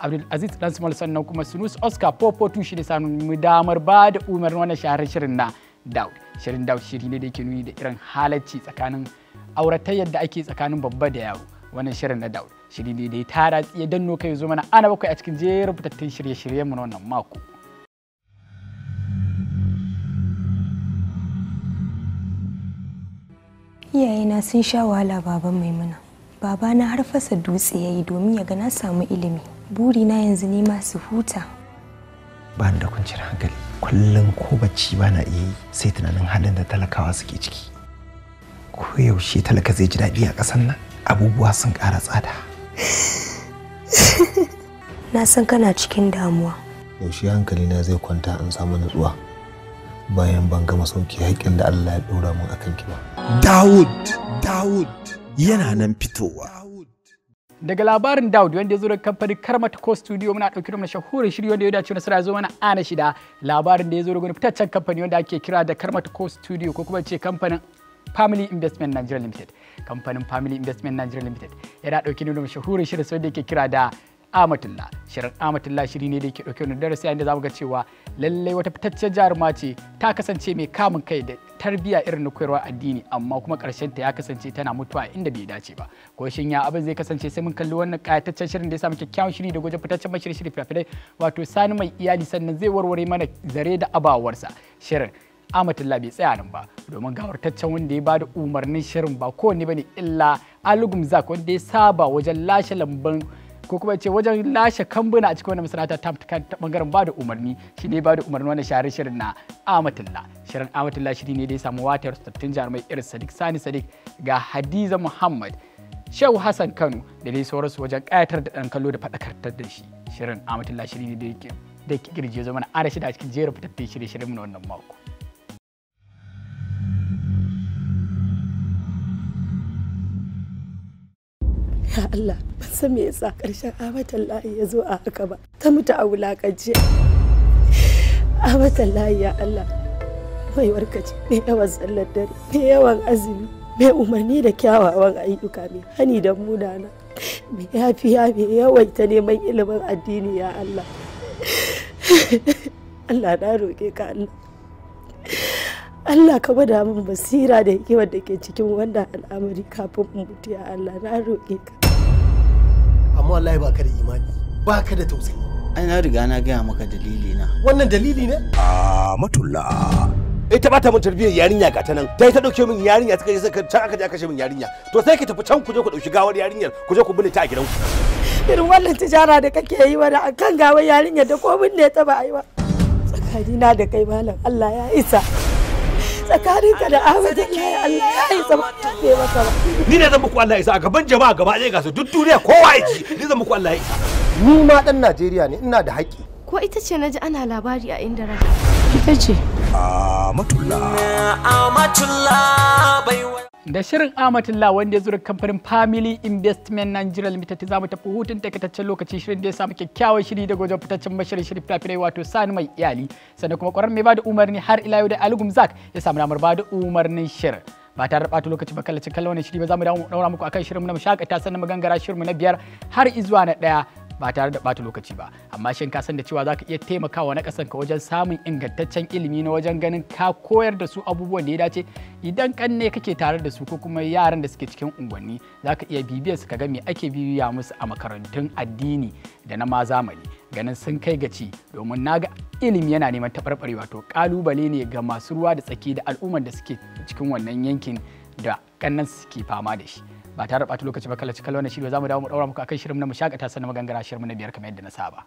abdulaziz lansmal sannan kuma sunus oscar popo tushi da samu damar ba da umarnin wannan shahararren shirin na daud shirin daud shiri ne da yake nuni da irin halacci tsakanin auratayyar da ake tsakanin babba da yaro wannan shirin na daud shiri ne da ya tara tsiye danno kai zo mana ana bakwai a cikin jerin fitattun shirye-shiryen mu na wannan mako iyayena sun sha wahala baban maimuna babana har fasa dutse ya yi domin ya ga na samu ilimi Buri na yanzu ne masu huta ba da kwanciyar hankali kullum ko bacci ba na iya yi sai tunanin halin da talakawa suke ciki koyaushe talaka zai ji daɗi a ƙasar nan abubuwa sun ƙara tsada na san kana cikin damuwa yaushe hankali na zai kwanta an samu nutsuwa bayan ban gama sauki haƙƙin da Allah ya ɗora mun akan ki ba Dawud Dawud yana nan fitowa daga labarin Daud wanda ya zo daga kamfanin Karmat Co Studio muna ɗauki da mashahurin shiri wanda ya dace na sara zo mana ana shida labarin da ya zo daga wani fitaccen kamfani wanda ake kira da Karmat Co Studio ko kuma ce kamfanin Family Investment Nigeria Limited kamfanin Family Investment Nigeria Limited yana ɗauki da mashahurin shirin da yake kira da amatullah shirin amatullah shiri ne da yake dauke wani darasi yayin da zamu ga cewa lallai wata fitaccen jaruma ce ta kasance mai kamun kai da tarbiyya irin na koyarwa addini amma kuma karshen ta ya kasance tana mutuwa inda bai dace ba ko shin ya abin zai kasance sai mun kalli wannan kayataccen shirin da ya samu kyakkyawan shiri da gwaje fitaccen mashirin shiri fitafilai wato sani mai iyali sannan zai warware mana zare da abawarsa shirin amatullah bai tsaya nan ba domin gawartaccen wanda ya ba da umarnin shirin ba ba ne illa alugun zak wanda ya saba wajen lashe lambun ko kuma ce wajen lashe kambuna a cikin wannan masarauta ta bangaren ba da umarni shi ne ba da umarni wannan shari shirin na amatulla shirin amatulla shiri ne da ya samu watar tattun jarumai irin sadiq sani sadiq ga hadiza muhammad shehu hassan kano da dai sauransu wajen kayatar da ɗan kallo da faɗakartar da shi shirin amatulla shiri ne da yake da kirje zama na arashi da cikin jerin fitattun shirye-shiryen na wannan mako ya Allah ban san me yasa karshen amatan layi ya zo a haka ba ta mutu a wulakance amatan layi ya Allah mai warkace mai yawan sallar dare mai yawan azumi mai umarni da kyawawan ayyuka mai hani da munana mai yafiya mai ta neman ilimin addini ya Allah Allah na roƙe ka Allah Allah ka gwada min basira da hikimar da ke cikin wannan al'amari kafin in mutu ya Allah na roƙe ka amma wallahi ba ka da imani ba ka da tausayi ai na riga na gaya maka dalili na wannan dalili ne a matulla ita eh, ba ta mun tarbiyyar yarinya ga ta nan ta ta dauke min yarinya ta kaje ta aka je aka kashe min yarinya to sai ki tafi can ku je ku dauki gawar yarinyar ku je ku binne ta a ku irin wannan tijara da kake yi da akan gawar yarinyar da ko ne ta ba ai ba tsakanina da kai malam Allah ya isa tsakaninka da Ahmad ke Allah ya zama tsaba ne maka ba ni ne zan muku Allah ya isa a gaban jama'a gaba ɗaya ga su duk duniya kowa ya ji ni zan muku Allah ya isa ni ma dan Najeriya ne ina da haƙƙi ko ita ce na ji ana labari a inda raka ita ce Amatulla Amatulla da shirin amatilla wanda ya zura kamfanin family investment nigeria limited za mu tafi hutun takaitaccen lokaci shirin da ya samu kyakkyawan shiri da gwajin fitaccen mashirin shirin fina wato sani mai iyali sannan kuma kwarar mai bada umarni har ila yau da algum zak ya samu namar bada umarnin shirin ba tare da ɓata lokaci ba kallacin kallon shiri ba za mu daura muku akan shirin mu na mu shakata sannan mu gangara shirin mu na biyar har izuwa na ɗaya ba tare da bata lokaci ba amma shin ka san da cewa zaka iya taimakawa na ƙasan ka wajen samun ingantaccen ilimi na wajen ganin ka koyar da su abubuwan da ya dace idan kanne kake tare da su ko kuma yaran da suke cikin unguwanni zaka iya bibiyar su ka ga me ake bibiya musu a makarantun addini da na ma zamani ganin sun kai gaci domin na ga ilimi yana neman taɓarɓarewa to ƙalubale ne ga masu ruwa da tsaki da al'ummar da suke cikin wannan yankin da kannan suke fama da shi ba tare da ɓata lokaci ba kalla cikin wannan shirya za mu dawo mu ɗaura muku akan shirin na mu shakata sannan magangara shirin na biyar kamar yadda na saba.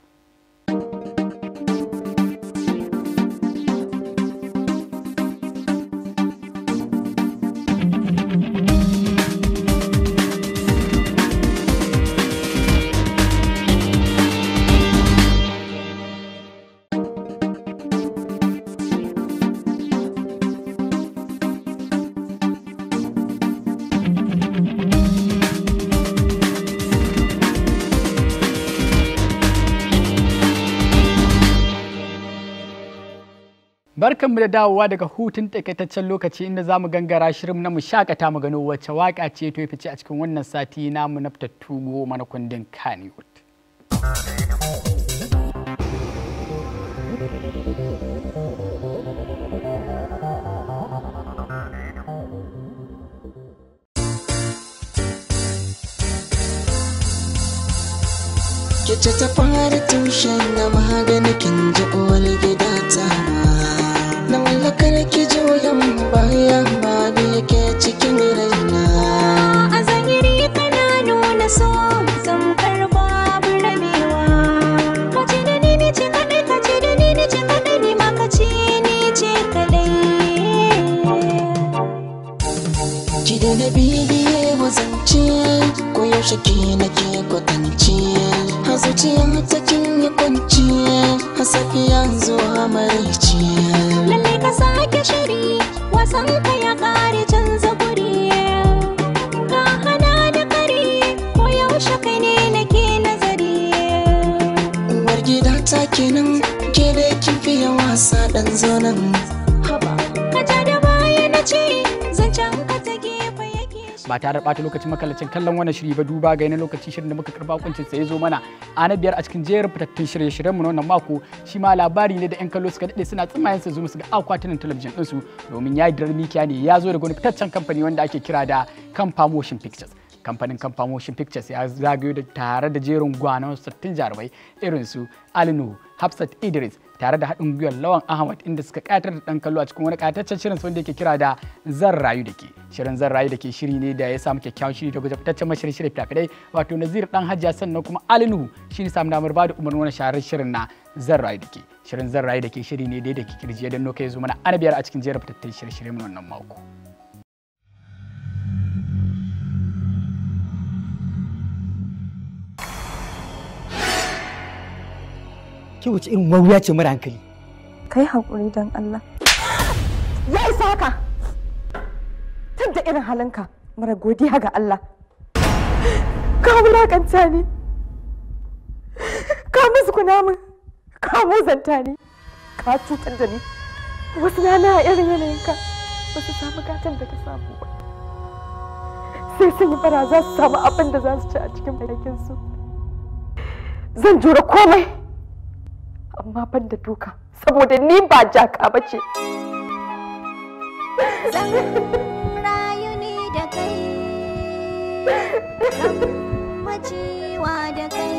mu da dawowa daga hutun takaitaccen lokaci inda za mu gangara shirin na mu shakata mu gano wacce waka ce to fice a cikin wannan sati namu na fitattu goma na kundin Kannywood. Kice ta fara tushen na maganikin kin ji gida ta na mallakar ki juyan baya ba da ke cikin raina a zahiri kana nuna so zan karba babu Ka kace da ni ne ce kadai kace da ni ne ce kadai ni ma ce ni ce kadai ki da na bibiye wazance ko yaushe ke kwatance a zuciya ta kin ya kwance a safiya zuwa maraice ka sake shiri wasan ka ya kare canza guri Ga hana da kare ko yaushe kai ne nake nazari uwar gida ta kenan ke da kin fiye wasa dan zonan haba ka da baya na ce ba tare da ɓata lokacin makalacin kallon wannan shiri ba duba ga yanayin lokaci shirin da muka karba kuncin sa ya zo mana a na biyar a cikin jerin fitattun shirye-shiryen mu na wannan mako shi ma labari ne da yan kallo suka daɗe suna tsimayen su zo su ga akwatunan talabijin ɗinsu domin ya dirar mikiya ne ya zo daga wani fitaccen kamfani wanda ake kira da kan Motion Pictures kamfanin Kamfa motion pictures ya zagayo da tare da jerin gwanon sattin jarumai irin su alinu hafsat idris tare da haɗin gwiwar lawan ahmad inda suka ƙatar da ɗan kallo a cikin wani ƙataccen shirin wanda yake kira da zan rayu da ke shirin zan rayu da ke shiri ne da ya samu kyakkyawan shiri da fitaccen mashirin shirin fitafidai wato nazir dan Hajiya sannan kuma alinu shi ne samu damar bada umarni wani shahararren shirin na zan rayu da ke shirin zan rayu da ke shiri ne da ya da ke kirji ya danno kai zo mana anabiyar a cikin jerin fitattun shirye-shiryen wannan mako. Ke wace irin wauya ce mara hankali? Kai haƙuri don Allah. Ya isa ka. Tun da irin halinka mara godiya ga Allah. Ka wulaƙanta ni. Ka musguna min. Ka muzanta ni. Ka cutar da ni. Wasu na irin yanayinka. Ba su samu gatan da ka samu ba. sai sun yi bara za su samu abin da za su ci a cikin bakinsu zan jura komai amma ban da duka saboda ni ba jaka ba ce rayu ni da kai wa da kai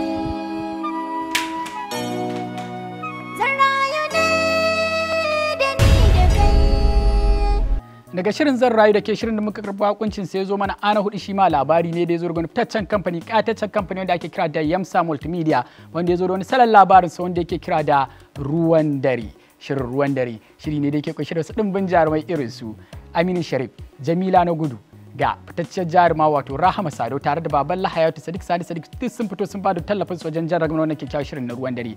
daga shirin zan rayu da ke shirin da muka karɓi hukuncin sai zo mana ana hudu shi ma labari ne da ya zo daga fitaccen kamfani kataccen kamfani wanda ake kira da Yamsa Multimedia wanda ya zo da wani salon labarin sa wanda yake kira da Ruwan Dare shirin Ruwan Dare shiri ne da yake kunshi da su dimbin jarumai irin su Aminu Sharif Jamila na gudu ga fitacciyar jaruma wato Rahama Sado tare da baban Lahayatu Sadiq Sani Sadiq duk sun fito sun bada tallafin su wajen jan ragamar wannan kyakkyawan shirin na ruwan dare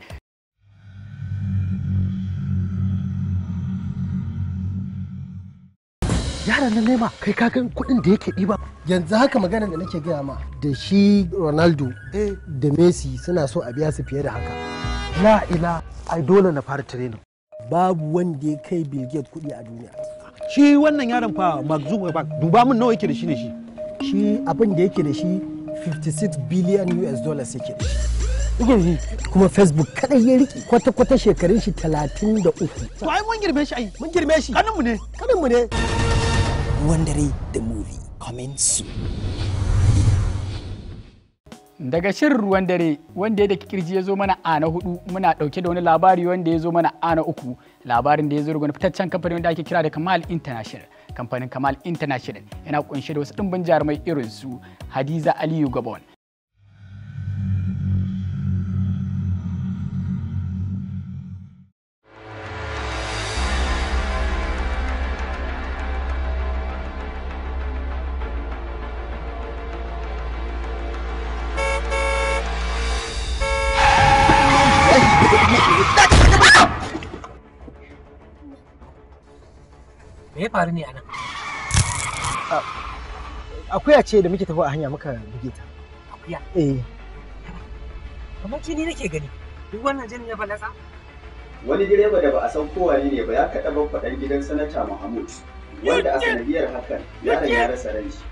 mutanen nema kai ka gan kuɗin da yake ɗiba yanzu haka magana da nake gaya ma da shi ronaldo eh. da messi suna so a biya su fiye da haka la ila ai dole na fara training babu wanda ya kai bill gates kuɗi a duniya shi wannan yaron fa mark zuckerberg duba min nawa yake da shi ne shi shi abin da yake da shi 56 billion us dollars yake da shi kuma facebook kadai ya riki kwata-kwata shekarun shi 33 to ai mun girme shi ai mun girme shi kanin mu ne kanin mu ne Wandare the movie coming soon. Daga shirin ruwan dare wanda ya da kirji ya zo mana a na hudu muna dauke da wani labari wanda ya zo mana a na uku labarin da ya zo daga fitaccen kamfanin wanda ake kira da Kamal International. Kamfanin Kamal International yana kunshe da wasu dimbin jarumai irin su Hadiza Aliyu Gabon, ya faru ne anan akuya ce da muke tafi a hanya muka buge ta akuya eh kamar ni nake gani duk wannan jini ya balasa? wani direba da ba a san kowa ne ba ya kaɗa ban faɗan gidan sanata Mahmud wanda a sanadiyar hakan yaron ya rasa ran shi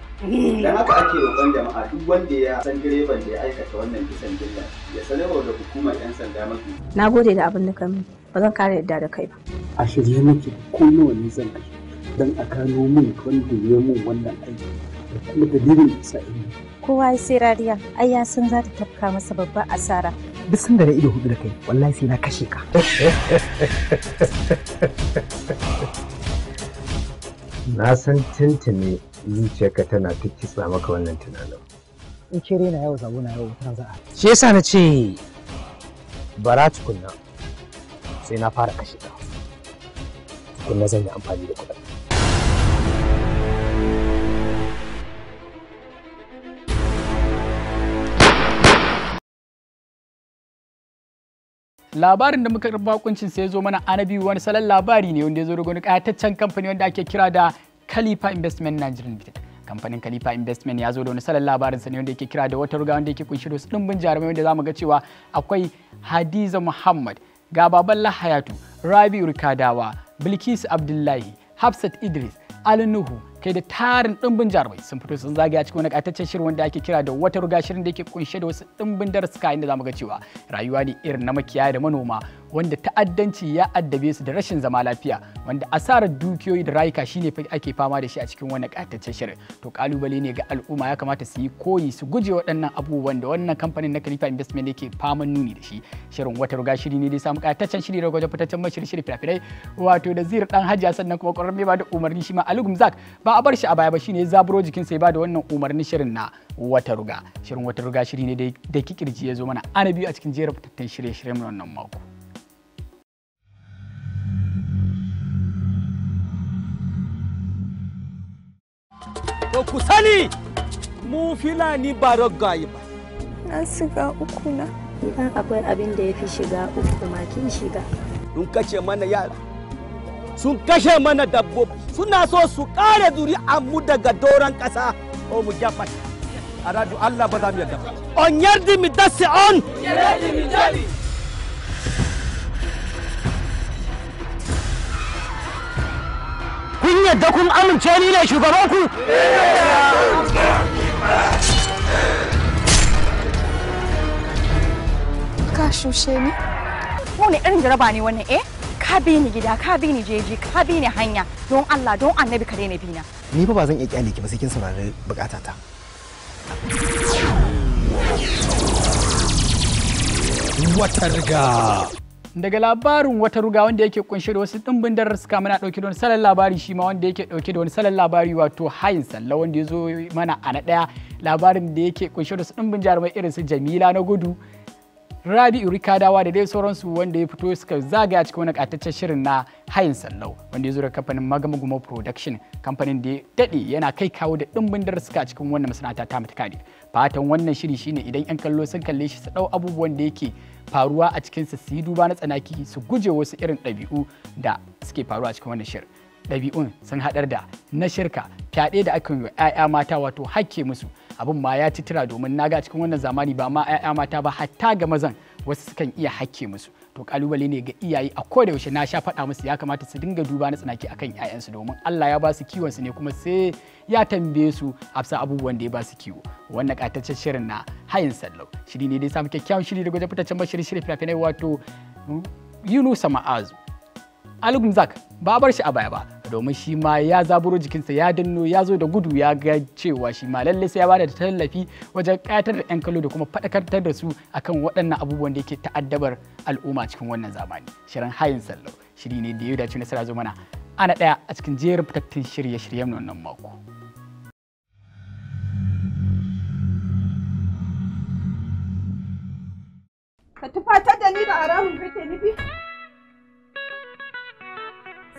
dan haka ake roƙon jama'a duk wanda ya san direban da ya aikata wannan kisan gilla ya sanarwa da hukumar yan sanda mafi na gode da abin da ka ba zan kare yadda da kai ba a shirye muke ko wani zan kashe don a kano min wanda ya mun wannan aiki da kuma dalilin da kowa ya sai rariya ai ya san za ta tafka masa babban asara duk sanda da ido hudu da kai wallahi sai na kashe ka na san tintine zuciyarka tana ta kitsa maka wannan tunanin in ke na yau zabo na yau ta za'a shi yasa na ce bara tukunna sai na fara kashe ka tukunna zan yi amfani da kuɗi. labarin da muka bakuncin sai zo mana anabi wani salon labari ne wanda ya zo daga wani kayataccen kamfani wanda ake kira da Khalifa Investment Nigeria Limited. kamfanin Khalifa Investment ya zo da wani salon labarin sa ne wanda yake kira da wata ruga wanda yake kunshi da wasu dimbin jarumai wanda zamu ga cewa akwai Hadiza Muhammad, ga baban Hayatu, Rabi'u Kadawa, Bilkisu Abdullahi, Hafsat Idris, Ali Nuhu, kai da tarin ɗimbin jarumai sun fito sun zagaya cikin wani ƙataccen shirin wanda ake kira da wata ruga shirin da yake kunshe da wasu ɗimbin darasuka inda zamu ga cewa rayuwa ne irin na makiyaya da manoma wanda ta'addanci ya addabe su da rashin zama lafiya wanda asarar dukiyoyi da rayuka shine ake fama da shi a cikin wannan ƙataccen shirin to kalubale ne ga al'umma ya kamata su yi koyi su guje waɗannan abubuwan da wannan kamfanin na Khalifa Investment yake faman nuni da shi shirin wata ruga shiri ne da samu ƙataccen shiri daga wajen fitaccen mashiri shiri fina wato da zir dan hajiya sannan kuma ƙwararren mai bada umarni shi ma Alugum Zak ba a bar shi a baya ba shine zaburo sa ya bada wannan umarnin shirin na wata ruga shirin wata ruga shiri ne da kikirji ya zo mana ana biyu a cikin jerin fitaccen shirye-shiryen wannan mako ku sani mu filani ba raggaye ba na shiga uku na idan akwai abin da ya fi shiga uku ma kin shiga sun kashe mana yara sun kashe mana dabbobi suna so su kare zuri mu daga doron kasa o mu jafata a Allah ba za mu yarda ba on yardi mi dasi on yardi mi dali. kun yadda kun amince ni ne shugaban ku ka shushe ni mu ne irin jaraba ne wannan eh ka bi ni gida ka bi ni jeji ka bi ni hanya don Allah don annabi ka daina bina ni fa ba zan iya kyale ki ba sai kin saurari bukatata wata riga daga labarin wata ruga wanda yake kunshe da wasu dimbin suka muna dauke da wani salon labari shi ma wanda yake dauke da wani salon labari wato hayin sallah wanda ya zo mana a na daya labarin da yake kunshe da wasu dimbin jarumai irin su Jamila na gudu Rabi'u Rikadawa da dai sauransu wanda ya fito suka zagaya cikin wani kataccen shirin na hayin sallau wanda ya zo daga kamfanin Magamaguma Production kamfanin da ya daɗe yana kai kawo da dimbin suka cikin wannan masana'anta ta mutakadi fatan wannan shiri shine idan yan kallo sun kalle shi su dau abubuwan da yake faruwa a cikinsa su yi duba na tsanaki su guje wasu irin ɗabi'u da suke faruwa a cikin wannan shir ɗabi'un sun haɗar da na shirka fyaɗe da aka yi wa 'ya'ya mata wato hakke musu abin ma ya titira domin na naga cikin wannan zamani ba ma 'ya'ya mata ba hatta ga mazan wasu sukan iya hakke musu to kalubale ne ga iyaye a koda yaushe na sha faɗa musu ya kamata su dinga duba na tsanaki akan ƴaƴansu domin Allah ya ba su kiwon su ne kuma sai ya tambaye su afsa abubuwan da ya ba su kiwo wannan katacce shirin na hayin sallau shiri ne dai samu kyakkyawan shiri da gwajin fitaccen bashirin shirin fina-finai wato hmm, Yunusa Ma'azu Algumzak ba bar shi a baya ba domin shi ma ya zaburo jikinsa ya danno ya zo da gudu ya ga cewa shi ma lalle sai ya bada tallafi wajen ƙayatar da 'yan kallo da kuma faɗakartar da su akan waɗannan abubuwan da yake ta'addabar al'umma cikin wannan zamani shirin hayin sallo shiri ne da ya dace nasara zo mana ana ɗaya a cikin jerin fitattun shirye-shiryen wannan mako. Ka ta da ni da aramun kake nufi?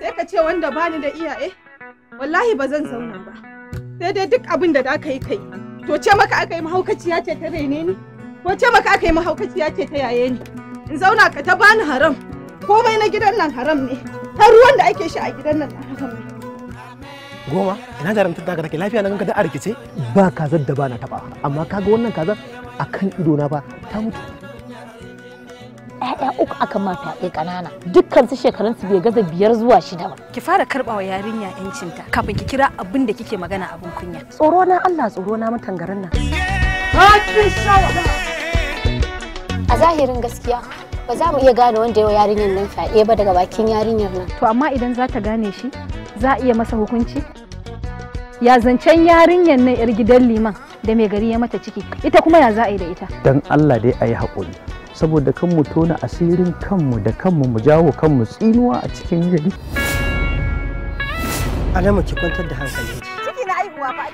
sai ka ce wanda bani da iyaye wallahi ba zan zauna ba sai dai duk abin da aka yi kai to ce maka aka yi mahaukaciya ce ta raine ni ko ce maka aka yi mahaukaciya ce ta yaye ni in zauna ka ta bani haram komai na gidan nan haram ne har ruwan da ake sha a gidan nan haram ne goma ina jaramtar daga take lafiya nan ka da a rikice ba kazar da bana taba amma kaga wannan kazar akan ido na ba ta mutu 'ya'ya uku aka ma fyaɗe ƙanana dukkan su shekarun su bai gaza biyar zuwa shida ba ki fara karɓa wa yarinya yancinta kafin ki kira abin da kike magana abin kunya tsoro na Allah tsoro na garin nan a zahirin gaskiya ba za mu iya gane wanda yawa yarinyar nan fyaɗe ba daga bakin yarinyar nan to amma idan za ta gane shi za a iya masa hukunci ya zancen yarinyar nan yar gidan liman da mai gari ya mata ciki ita kuma ya za a yi da ita dan Allah dai a yi haƙuri saboda kan tona asirin kanmu da kanmu mu jawo kanmu tsinuwa a cikin gari Adamu ki kwantar da hankali ciki na aihuwa ba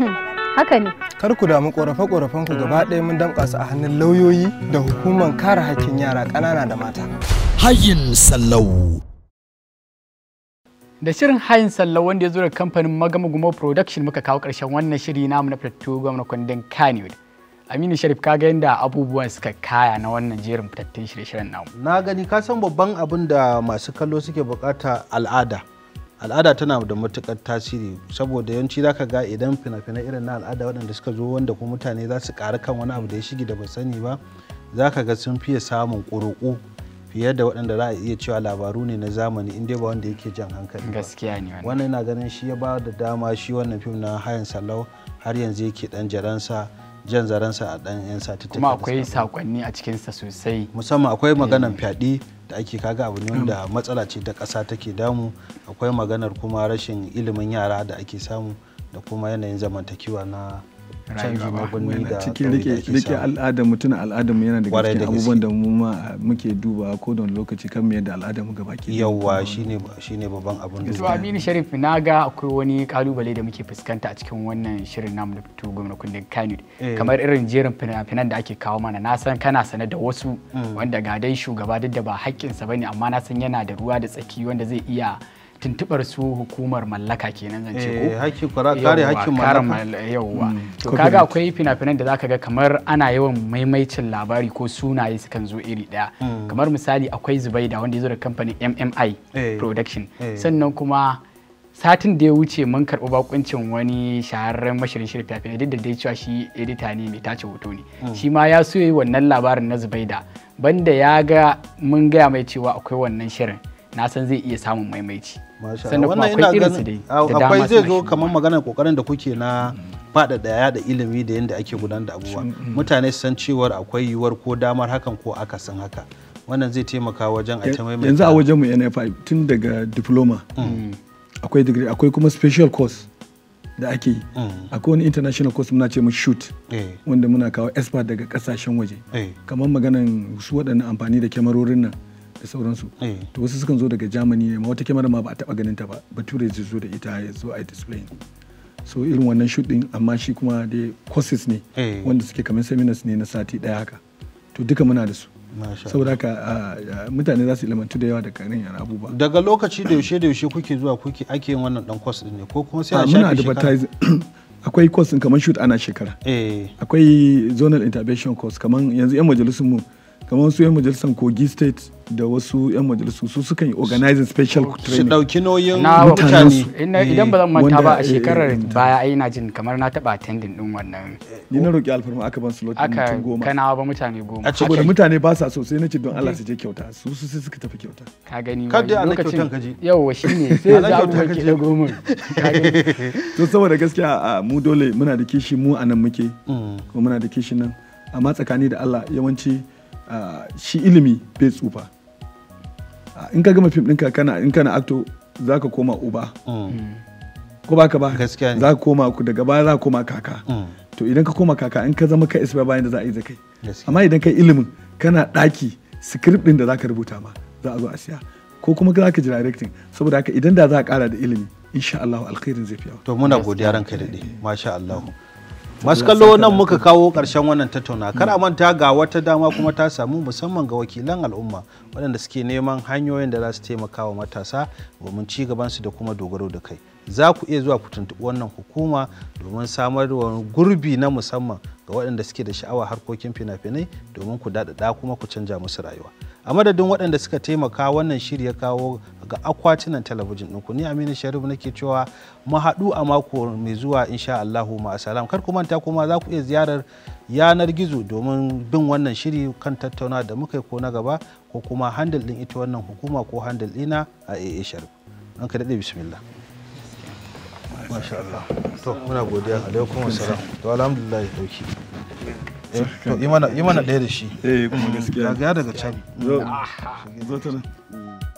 haka ne kar ku damu korafe korafen ku gaba ɗaya mun damƙa su a hannun lauyoyi da hukumar kare hakkin yara ƙanana da mata hayin sallau da shirin hayin sallau wanda ya zo da kamfanin magama production muka kawo ƙarshen wannan shiri namu na fitatu gwamna kundin kanewood Aminu Sharif ka ga yadda abubuwan suka kaya na wannan jerin fitattun shirye-shiryen namu. Na gani ka san babban abin da masu kallo suke bukata al'ada. Al'ada tana da matukar tasiri saboda yawanci zaka ga idan fina-finai irin na al'ada waɗanda suka zo wanda kuma mutane za su ƙara kan wani abu da ya shige da ba sani ba zaka ga sun fiye samun ƙuruƙu fiye da waɗanda za a iya cewa labaru ne na zamani in dai ba wanda yake jan hankali. Gaskiya ne wannan. Wannan ina ganin shi ya ba da dama shi wannan fim na Hayan Salau har yanzu yake ɗan jaransa. jan zaransa a ɗan 'yan sati kuma akwai sakonni a cikinsa sosai musamman akwai eh. maganar fyaɗe da ake kaga abu ne wanda mm. matsala ce ta kasa take damu akwai maganar kuma rashin ilimin yara da ake samu da kuma yanayin zamantakewa na canji na birni da cikin rike rike al'adar mutum al'adar mu yana daga cikin abubuwan da mu ma muke duba ko da lokaci kan yadda al'adar mu gaba ke yawa shine shine babban abun da to Aminu Sharif na ga akwai wani kalubale da muke fuskanta a cikin wannan shirin namu da fito gwamnati kundin Kano eh. kamar irin jerin fina-finan da ake kawo mana na san kana sane da wasu mm. wanda ga dai shugaba duk da ba haƙƙinsa bane amma na san yana da ruwa da tsaki wanda zai iya tuntubar su hukumar mallaka kenan zan ce ko eh, kwara kare hakkin mallaka yauwa mm, to kaga akwai fina-finan da zaka ga kamar ana yawan maimaicin labari ko sunaye sukan zo iri daya mm. kamar misali akwai Zubaida wanda ya zo da kamfanin MMI eh, production eh. sannan kuma satin da ya wuce mun karɓi bakuncin wani shahararren mashirin shirin fina duk da dai cewa shi edita ne mai tace hoto ne mm. shi ma ya so yi wannan labarin na Zubaida banda ya ga mun gaya mai cewa akwai wannan shirin na san zai iya samun maimaici sannan kuma akwai irin su dai akwai zai zo kamar maganar kokarin da kuke na da mm. yada ilimi da yadda ake gudanar da abubuwa mm, mm. mutane su san cewar akwai yiwuwar ko damar hakan ko aka san haka wannan zai taimaka wajen a taimaka yanzu a wajen mu NFI tun daga diploma akwai degree akwai kuma special course da ake yi akwai wani international course muna ce mu shoot eh. wanda muna kawo expert daga kasashen waje eh. kamar maganan su waɗannan amfani da kyamarorin nan da sauransu eh. to wasu sukan zo daga germany ne ma wata kyamara ma ba a taba ganin ta ba bature zai zo da ita ya zo a display so irin wannan shoot din amma shi kuma dai courses ne eh. wanda suke kamar seminars ne na sati daya haka to duka muna da su saboda haka mutane za su ilmantu da yawa da karin yana abubuwa daga lokaci da yaushe da yaushe kuke zuwa kuke ake yin wannan dan course din ne ko kuma sai a shafi advertising akwai course kamar shoot ana shekara eh. akwai zonal intervention course kamar yanzu yan majalisun mu kamar su 'yan majalisar kogi state da wasu 'yan majalisu su suka yi organizing special training su dauki nauyin mutane eh, idan ba zan manta ba a eh, shekarar eh, baya ai na jin kamar na taba attending din wannan ni na roki alfarma aka ban slot mutum goma aka kanawa ba mutane goma a saboda mutane ba sa so sai nace don Allah su je kyauta su su sai suka tafi kyauta ka gani kada ana kyautan kaji yawa shine sai za mu ke da goma to saboda gaskiya mu dole muna da kishi mu anan muke mm. kuma muna da kishi nan amma tsakani da Allah yawanci Ah, shi ilimi bai tsufa ah, in ka gama fim ɗinka kana in kana acto za ka koma uba mm. Mm. ko ba ka ba za ka koma daga baya za ka koma kaka mm. to idan ka koma kaka in ka zama ka isba bayan da za a yi da kai amma idan ka ilimin kana ɗaki script ɗin da za ka rubuta ma za a zo a siya ko kuma za ka ji directing saboda haka idan da za a ƙara da ilimi insha Allah alkhairin zai fi yawa to muna godiya ranka da masha Allah masu nan muka kawo karshen wannan tattauna kar a manta ga wata dama kuma ta samu musamman ga wakilan al'umma waɗanda suke neman hanyoyin da za su taimaka wa matasa domin ci gabansu da kuma dogaro da kai za ku iya zuwa ku tuntuɓi wannan hukuma domin samar da gurbi na musamman ga waɗanda suke da sha'awa harkokin fina-finai domin ku daɗaɗa kuma ku canja musu rayuwa a madadin waɗanda suka taimaka wannan shiri ya kawo ga akwatunan talabijin ɗinku ni aminu sharif nake cewa mu haɗu a mako mai zuwa insha allahu ma'asalam kar ku manta kuma za ku iya ziyarar yanar gizo domin bin wannan shiri kan tattauna da muka yi ko na gaba ko kuma handal ɗin ita wannan hukuma ko handal ɗina a aa sharif an ka daɗe bismillah masha Allah to muna godiya alaikum assalam to alhamdulillah ya dauki eh, yi mana ɗaya da shi eh kuma gaskiya ga daga can zo ta nan